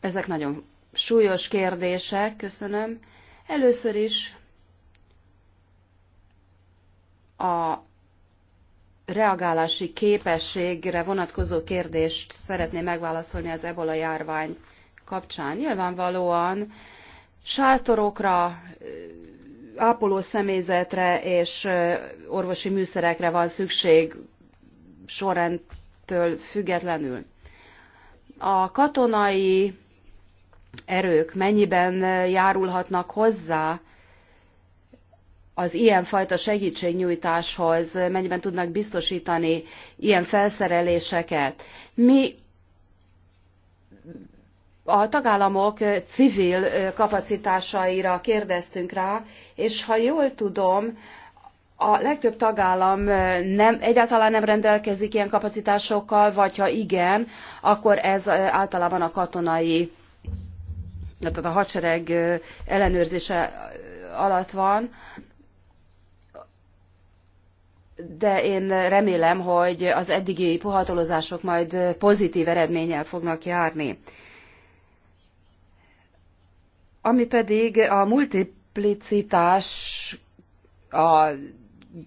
Ezek nagyon súlyos kérdések, köszönöm. Először is a reagálási képességre vonatkozó kérdést szeretném megválaszolni az ebola járvány kapcsán. Nyilvánvalóan sátorokra, ápoló személyzetre és orvosi műszerekre van szükség sorrendtől függetlenül. A katonai erők mennyiben járulhatnak hozzá az ilyenfajta segítségnyújtáshoz, mennyiben tudnak biztosítani ilyen felszereléseket. Mi a tagállamok civil kapacitásaira kérdeztünk rá, és ha jól tudom, a legtöbb tagállam nem, egyáltalán nem rendelkezik ilyen kapacitásokkal, vagy ha igen, akkor ez általában a katonai, tehát a hadsereg ellenőrzése alatt van. De én remélem, hogy az eddigi puhatolozások majd pozitív eredménnyel fognak járni. Ami pedig a multiplicitás a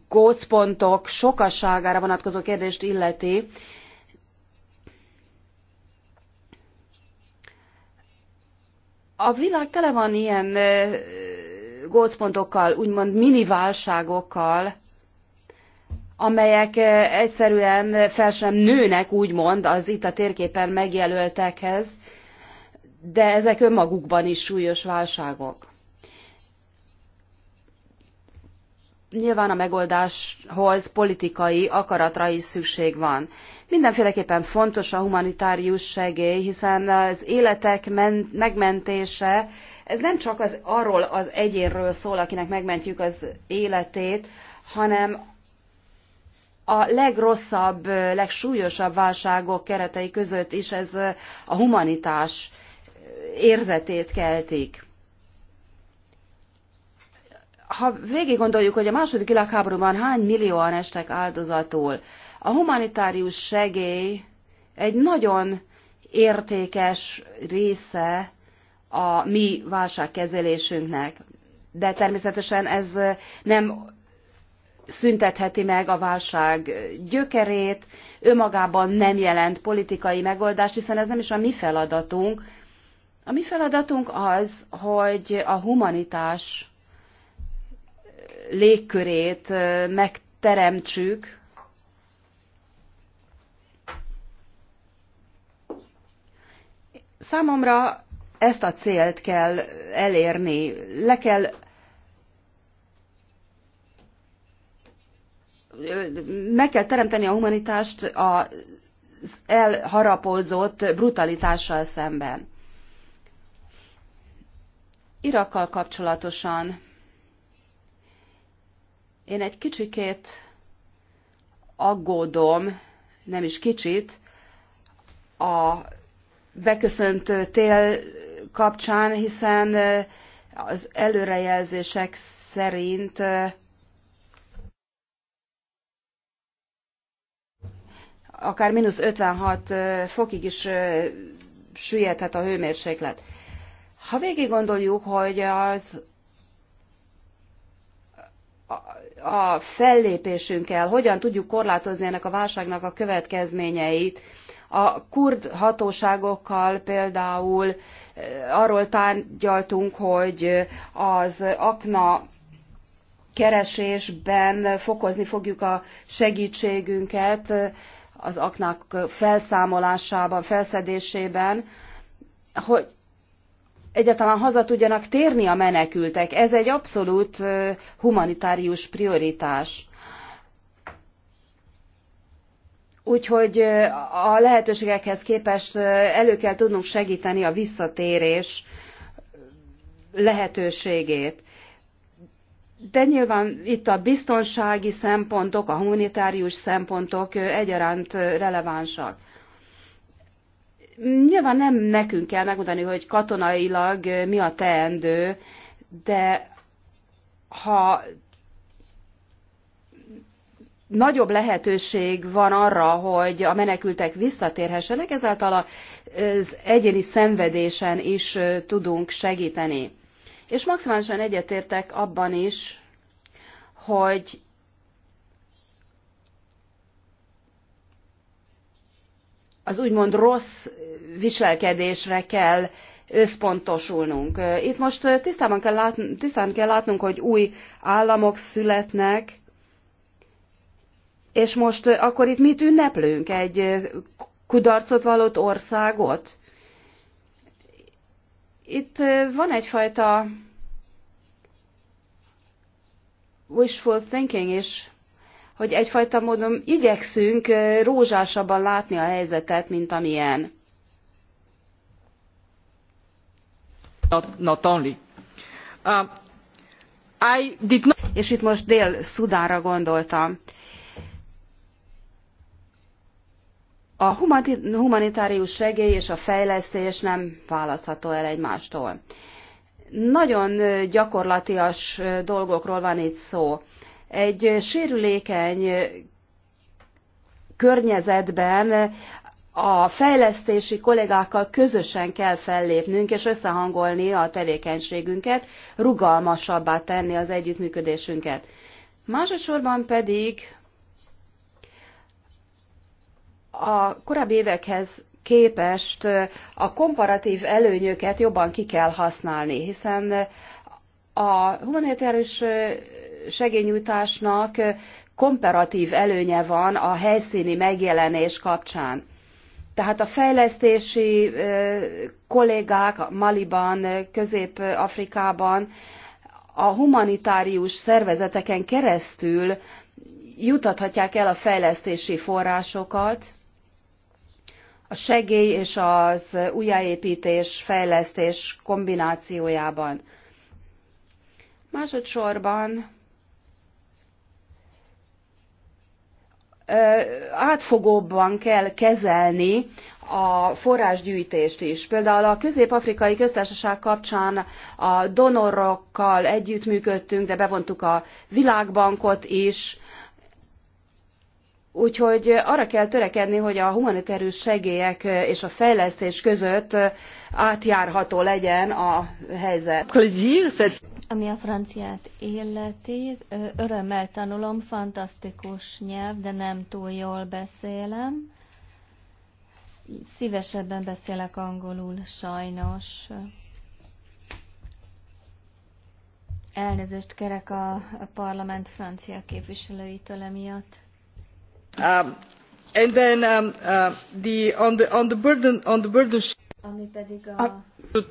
gócpontok sokasságára vonatkozó kérdést illeti, a világ tele van ilyen gócpontokkal, úgymond mini válságokkal, amelyek egyszerűen fel sem nőnek, úgymond, az itt a térképen megjelöltekhez, de ezek önmagukban is súlyos válságok. nyilván a megoldáshoz politikai akaratra is szükség van. Mindenféleképpen fontos a humanitárius segély, hiszen az életek megmentése, ez nem csak az, arról az egyénről szól, akinek megmentjük az életét, hanem a legrosszabb, legsúlyosabb válságok keretei között is ez a humanitás érzetét keltik ha végig gondoljuk, hogy a második világháborúban hány millióan estek áldozatul, a humanitárius segély egy nagyon értékes része a mi válságkezelésünknek. De természetesen ez nem szüntetheti meg a válság gyökerét, önmagában nem jelent politikai megoldást, hiszen ez nem is a mi feladatunk. A mi feladatunk az, hogy a humanitás légkörét megteremtsük, Számomra ezt a célt kell elérni, le kell meg kell teremteni a humanitást az elharapózott brutalitással szemben. Irakkal kapcsolatosan én egy kicsikét aggódom, nem is kicsit, a beköszöntő tél kapcsán, hiszen az előrejelzések szerint akár mínusz 56 fokig is süllyedhet a hőmérséklet. Ha végig gondoljuk, hogy az a fellépésünkkel hogyan tudjuk korlátozni ennek a válságnak a következményeit. A kurd hatóságokkal például eh, arról tárgyaltunk, hogy az akna keresésben fokozni fogjuk a segítségünket az aknák felszámolásában, felszedésében, hogy egyáltalán haza tudjanak térni a menekültek. Ez egy abszolút humanitárius prioritás. Úgyhogy a lehetőségekhez képest elő kell tudnunk segíteni a visszatérés lehetőségét. De nyilván itt a biztonsági szempontok, a humanitárius szempontok egyaránt relevánsak. Nyilván nem nekünk kell megmondani, hogy katonailag mi a teendő, de ha nagyobb lehetőség van arra, hogy a menekültek visszatérhessenek, ezáltal az egyéni szenvedésen is tudunk segíteni. És maximálisan egyetértek abban is, hogy az úgymond rossz viselkedésre kell összpontosulnunk. Itt most tisztában kell látn- tisztán kell látnunk, hogy új államok születnek, és most akkor itt mit ünneplünk? Egy kudarcot vallott országot? Itt van egyfajta wishful thinking is, hogy egyfajta módon igyekszünk rózsásabban látni a helyzetet, mint amilyen. Not, not only. Uh, I did not... És itt most dél szudára gondoltam. A humanitárius segély és a fejlesztés nem választható el egymástól. Nagyon gyakorlatias dolgokról van itt szó egy sérülékeny környezetben a fejlesztési kollégákkal közösen kell fellépnünk és összehangolni a tevékenységünket, rugalmasabbá tenni az együttműködésünket. Másodszorban pedig a korábbi évekhez képest a komparatív előnyöket jobban ki kell használni, hiszen a humanitárius segényújtásnak komparatív előnye van a helyszíni megjelenés kapcsán. Tehát a fejlesztési kollégák Maliban, Közép-Afrikában a humanitárius szervezeteken keresztül jutathatják el a fejlesztési forrásokat, a segély és az újjáépítés, fejlesztés kombinációjában. Másodszorban átfogóbban kell kezelni a forrásgyűjtést is. Például a Közép-Afrikai Köztársaság kapcsán a donorokkal együttműködtünk, de bevontuk a világbankot is, Úgyhogy arra kell törekedni, hogy a humanitárius segélyek és a fejlesztés között átjárható legyen a helyzet. Ami a franciát illeti, örömmel tanulom, fantasztikus nyelv, de nem túl jól beszélem. Szívesebben beszélek angolul, sajnos. Elnézést kerek a parlament francia képviselőitől emiatt. Um, and then um, uh, the, on, the, on the burden on the burden ami pedig a, ah.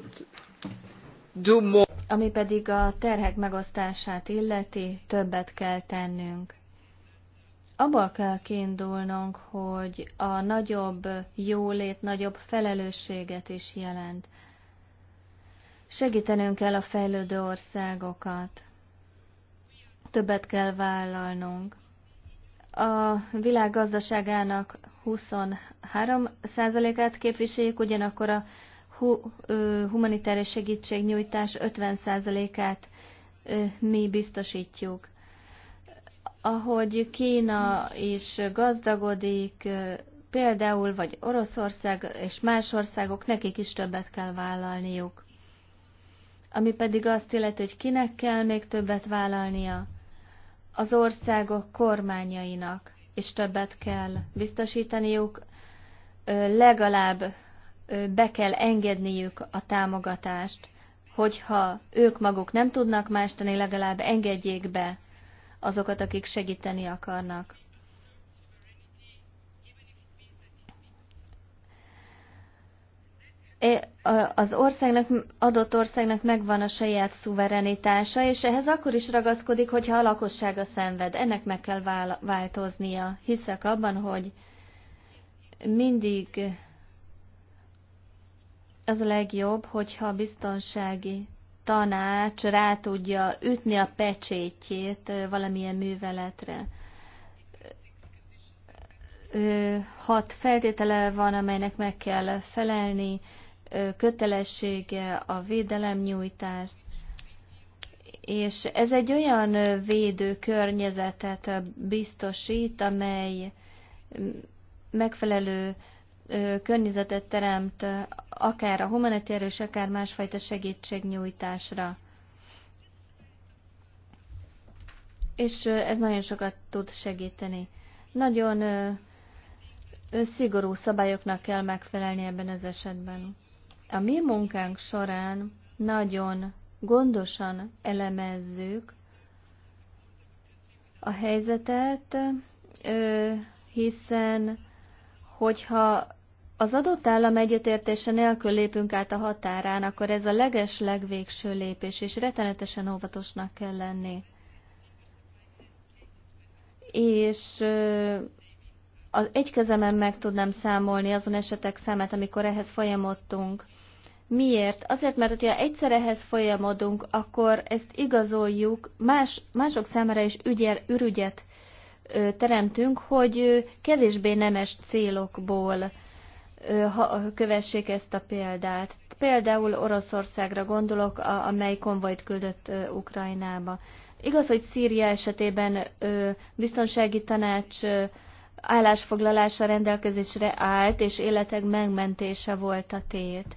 do more. ami pedig a terhek megosztását illeti, többet kell tennünk. Abból kell kiindulnunk, hogy a nagyobb jólét nagyobb felelősséget is jelent. Segítenünk kell a fejlődő országokat. Többet kell vállalnunk a világ gazdaságának 23%-át képviseljük, ugyanakkor a humanitárius segítségnyújtás 50%-át mi biztosítjuk. Ahogy Kína is gazdagodik, például, vagy Oroszország és más országok, nekik is többet kell vállalniuk. Ami pedig azt illeti, hogy kinek kell még többet vállalnia – az országok kormányainak és többet kell biztosítaniuk, legalább be kell engedniük a támogatást, hogyha ők maguk nem tudnak más tenni, legalább engedjék be azokat, akik segíteni akarnak. E, az országnak, adott országnak megvan a saját szuverenitása, és ehhez akkor is ragaszkodik, hogyha a lakossága szenved. Ennek meg kell változnia. Hiszek abban, hogy mindig az a legjobb, hogyha a biztonsági tanács rá tudja ütni a pecsétjét valamilyen műveletre hat feltétele van, amelynek meg kell felelni, kötelessége, a védelemnyújtás, és ez egy olyan védő környezetet biztosít, amely megfelelő környezetet teremt akár a humanitárius, akár másfajta segítségnyújtásra. És ez nagyon sokat tud segíteni. Nagyon szigorú szabályoknak kell megfelelni ebben az esetben. A mi munkánk során nagyon gondosan elemezzük a helyzetet, hiszen hogyha az adott állam egyetértése nélkül lépünk át a határán, akkor ez a leges legvégső lépés, és rettenetesen óvatosnak kell lenni. És az egy kezemen meg tudnám számolni azon esetek számát, amikor ehhez folyamodtunk. Miért? Azért, mert hogyha egyszer ehhez folyamodunk, akkor ezt igazoljuk, más, mások számára is ügyel, ürügyet ö, teremtünk, hogy ö, kevésbé nemes célokból ö, ha, kövessék ezt a példát. Például Oroszországra gondolok, a, amely konvojt küldött ö, Ukrajnába. Igaz, hogy Szíria esetében ö, biztonsági tanács ö, állásfoglalása rendelkezésre állt, és életek megmentése volt a tét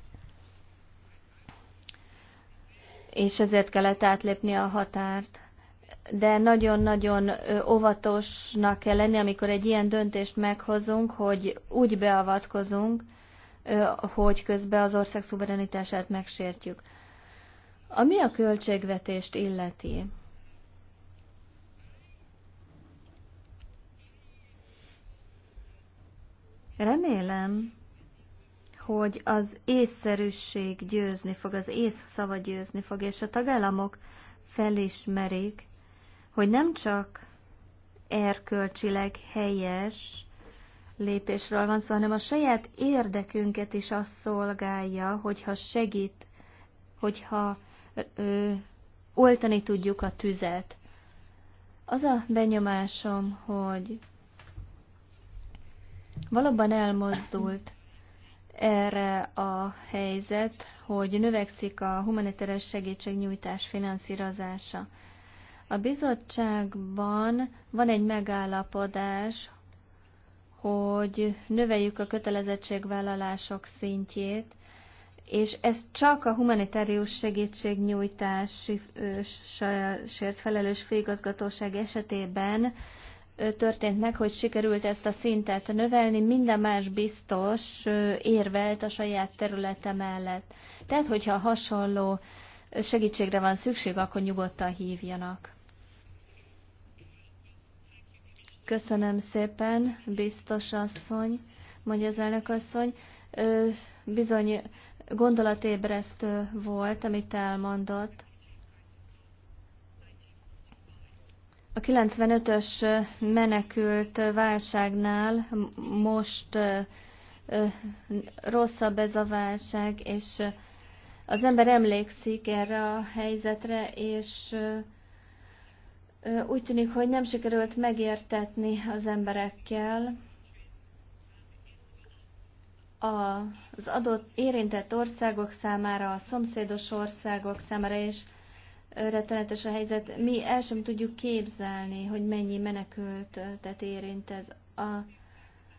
és ezért kellett átlépni a határt. De nagyon-nagyon óvatosnak kell lenni, amikor egy ilyen döntést meghozunk, hogy úgy beavatkozunk, hogy közben az ország szuverenitását megsértjük. Ami a költségvetést illeti, remélem, hogy az észszerűség győzni fog, az ész szava győzni fog, és a tagállamok felismerik, hogy nem csak erkölcsileg helyes lépésről van szó, hanem a saját érdekünket is azt szolgálja, hogyha segít, hogyha ö, oltani tudjuk a tüzet. Az a benyomásom, hogy valóban elmozdult erre a helyzet, hogy növekszik a humanitárius segítségnyújtás finanszírozása. A bizottságban van egy megállapodás, hogy növeljük a kötelezettségvállalások szintjét, és ez csak a humanitárius segítségnyújtásért felelős főigazgatóság esetében történt meg, hogy sikerült ezt a szintet növelni, minden más biztos érvelt a saját területe mellett. Tehát, hogyha hasonló segítségre van szükség, akkor nyugodtan hívjanak. Köszönöm szépen, biztos asszony, mondja az elnök asszony. Bizony gondolatébresztő volt, amit elmondott. A 95-ös menekült válságnál most rosszabb ez a válság, és az ember emlékszik erre a helyzetre, és úgy tűnik, hogy nem sikerült megértetni az emberekkel az adott érintett országok számára, a szomszédos országok számára, és rettenetes a helyzet. Mi el sem tudjuk képzelni, hogy mennyi menekültet érint ez. A,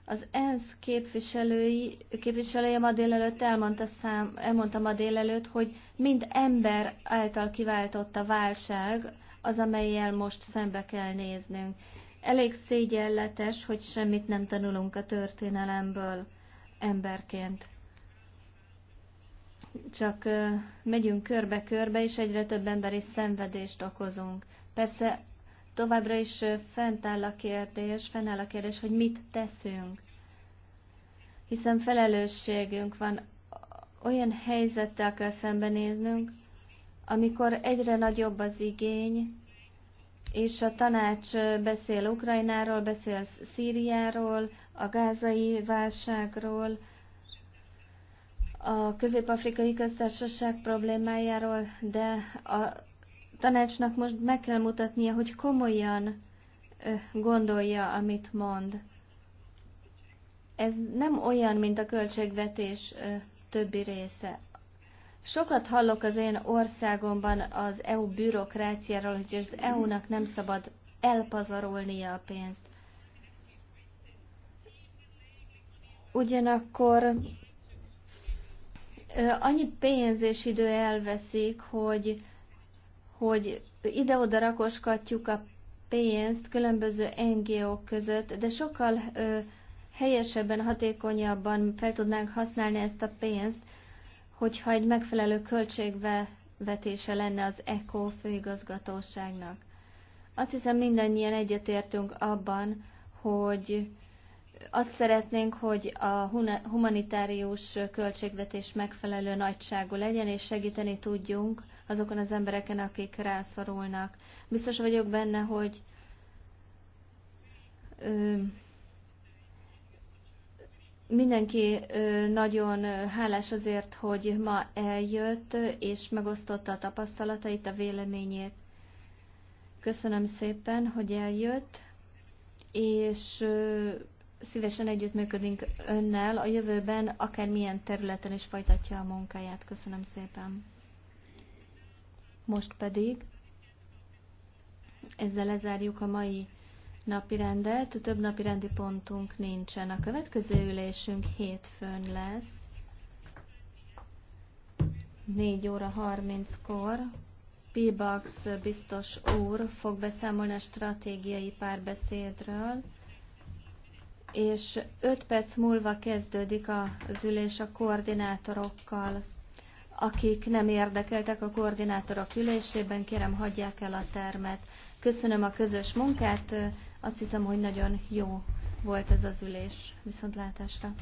az ENSZ képviselői, képviselője ma délelőtt elmondta, szám, elmondta ma délelőtt, hogy mind ember által kiváltott a válság az, amelyel most szembe kell néznünk. Elég szégyenletes, hogy semmit nem tanulunk a történelemből emberként csak megyünk körbe-körbe, és egyre több emberi szenvedést okozunk. Persze továbbra is fent áll a kérdés, fent áll a kérdés, hogy mit teszünk. Hiszen felelősségünk van, olyan helyzettel kell szembenéznünk, amikor egyre nagyobb az igény, és a tanács beszél Ukrajnáról, beszél Szíriáról, a gázai válságról, a közép-afrikai köztársaság problémájáról, de a tanácsnak most meg kell mutatnia, hogy komolyan gondolja, amit mond. Ez nem olyan, mint a költségvetés többi része. Sokat hallok az én országomban az EU bürokráciáról, hogy az EU-nak nem szabad elpazarolnia a pénzt. Ugyanakkor annyi pénz és idő elveszik, hogy, hogy ide-oda rakoskatjuk a pénzt különböző NGO-k között, de sokkal ö, helyesebben, hatékonyabban fel tudnánk használni ezt a pénzt, hogyha egy megfelelő költségvetése lenne az ECO főigazgatóságnak. Azt hiszem mindannyian egyetértünk abban, hogy azt szeretnénk, hogy a humanitárius költségvetés megfelelő nagyságú legyen, és segíteni tudjunk azokon az embereken, akik rászorulnak. Biztos vagyok benne, hogy ö, mindenki ö, nagyon hálás azért, hogy ma eljött, és megosztotta a tapasztalatait, a véleményét. Köszönöm szépen, hogy eljött és szívesen együttműködünk önnel a jövőben, akár milyen területen is folytatja a munkáját. Köszönöm szépen. Most pedig ezzel lezárjuk a mai napi rendet. Több napi rendi pontunk nincsen. A következő ülésünk hétfőn lesz. 4 óra 30-kor Pibax biztos úr fog beszámolni a stratégiai párbeszédről és 5 perc múlva kezdődik az ülés a koordinátorokkal. Akik nem érdekeltek a koordinátorok ülésében, kérem hagyják el a termet. Köszönöm a közös munkát, azt hiszem, hogy nagyon jó volt ez az ülés. Viszontlátásra!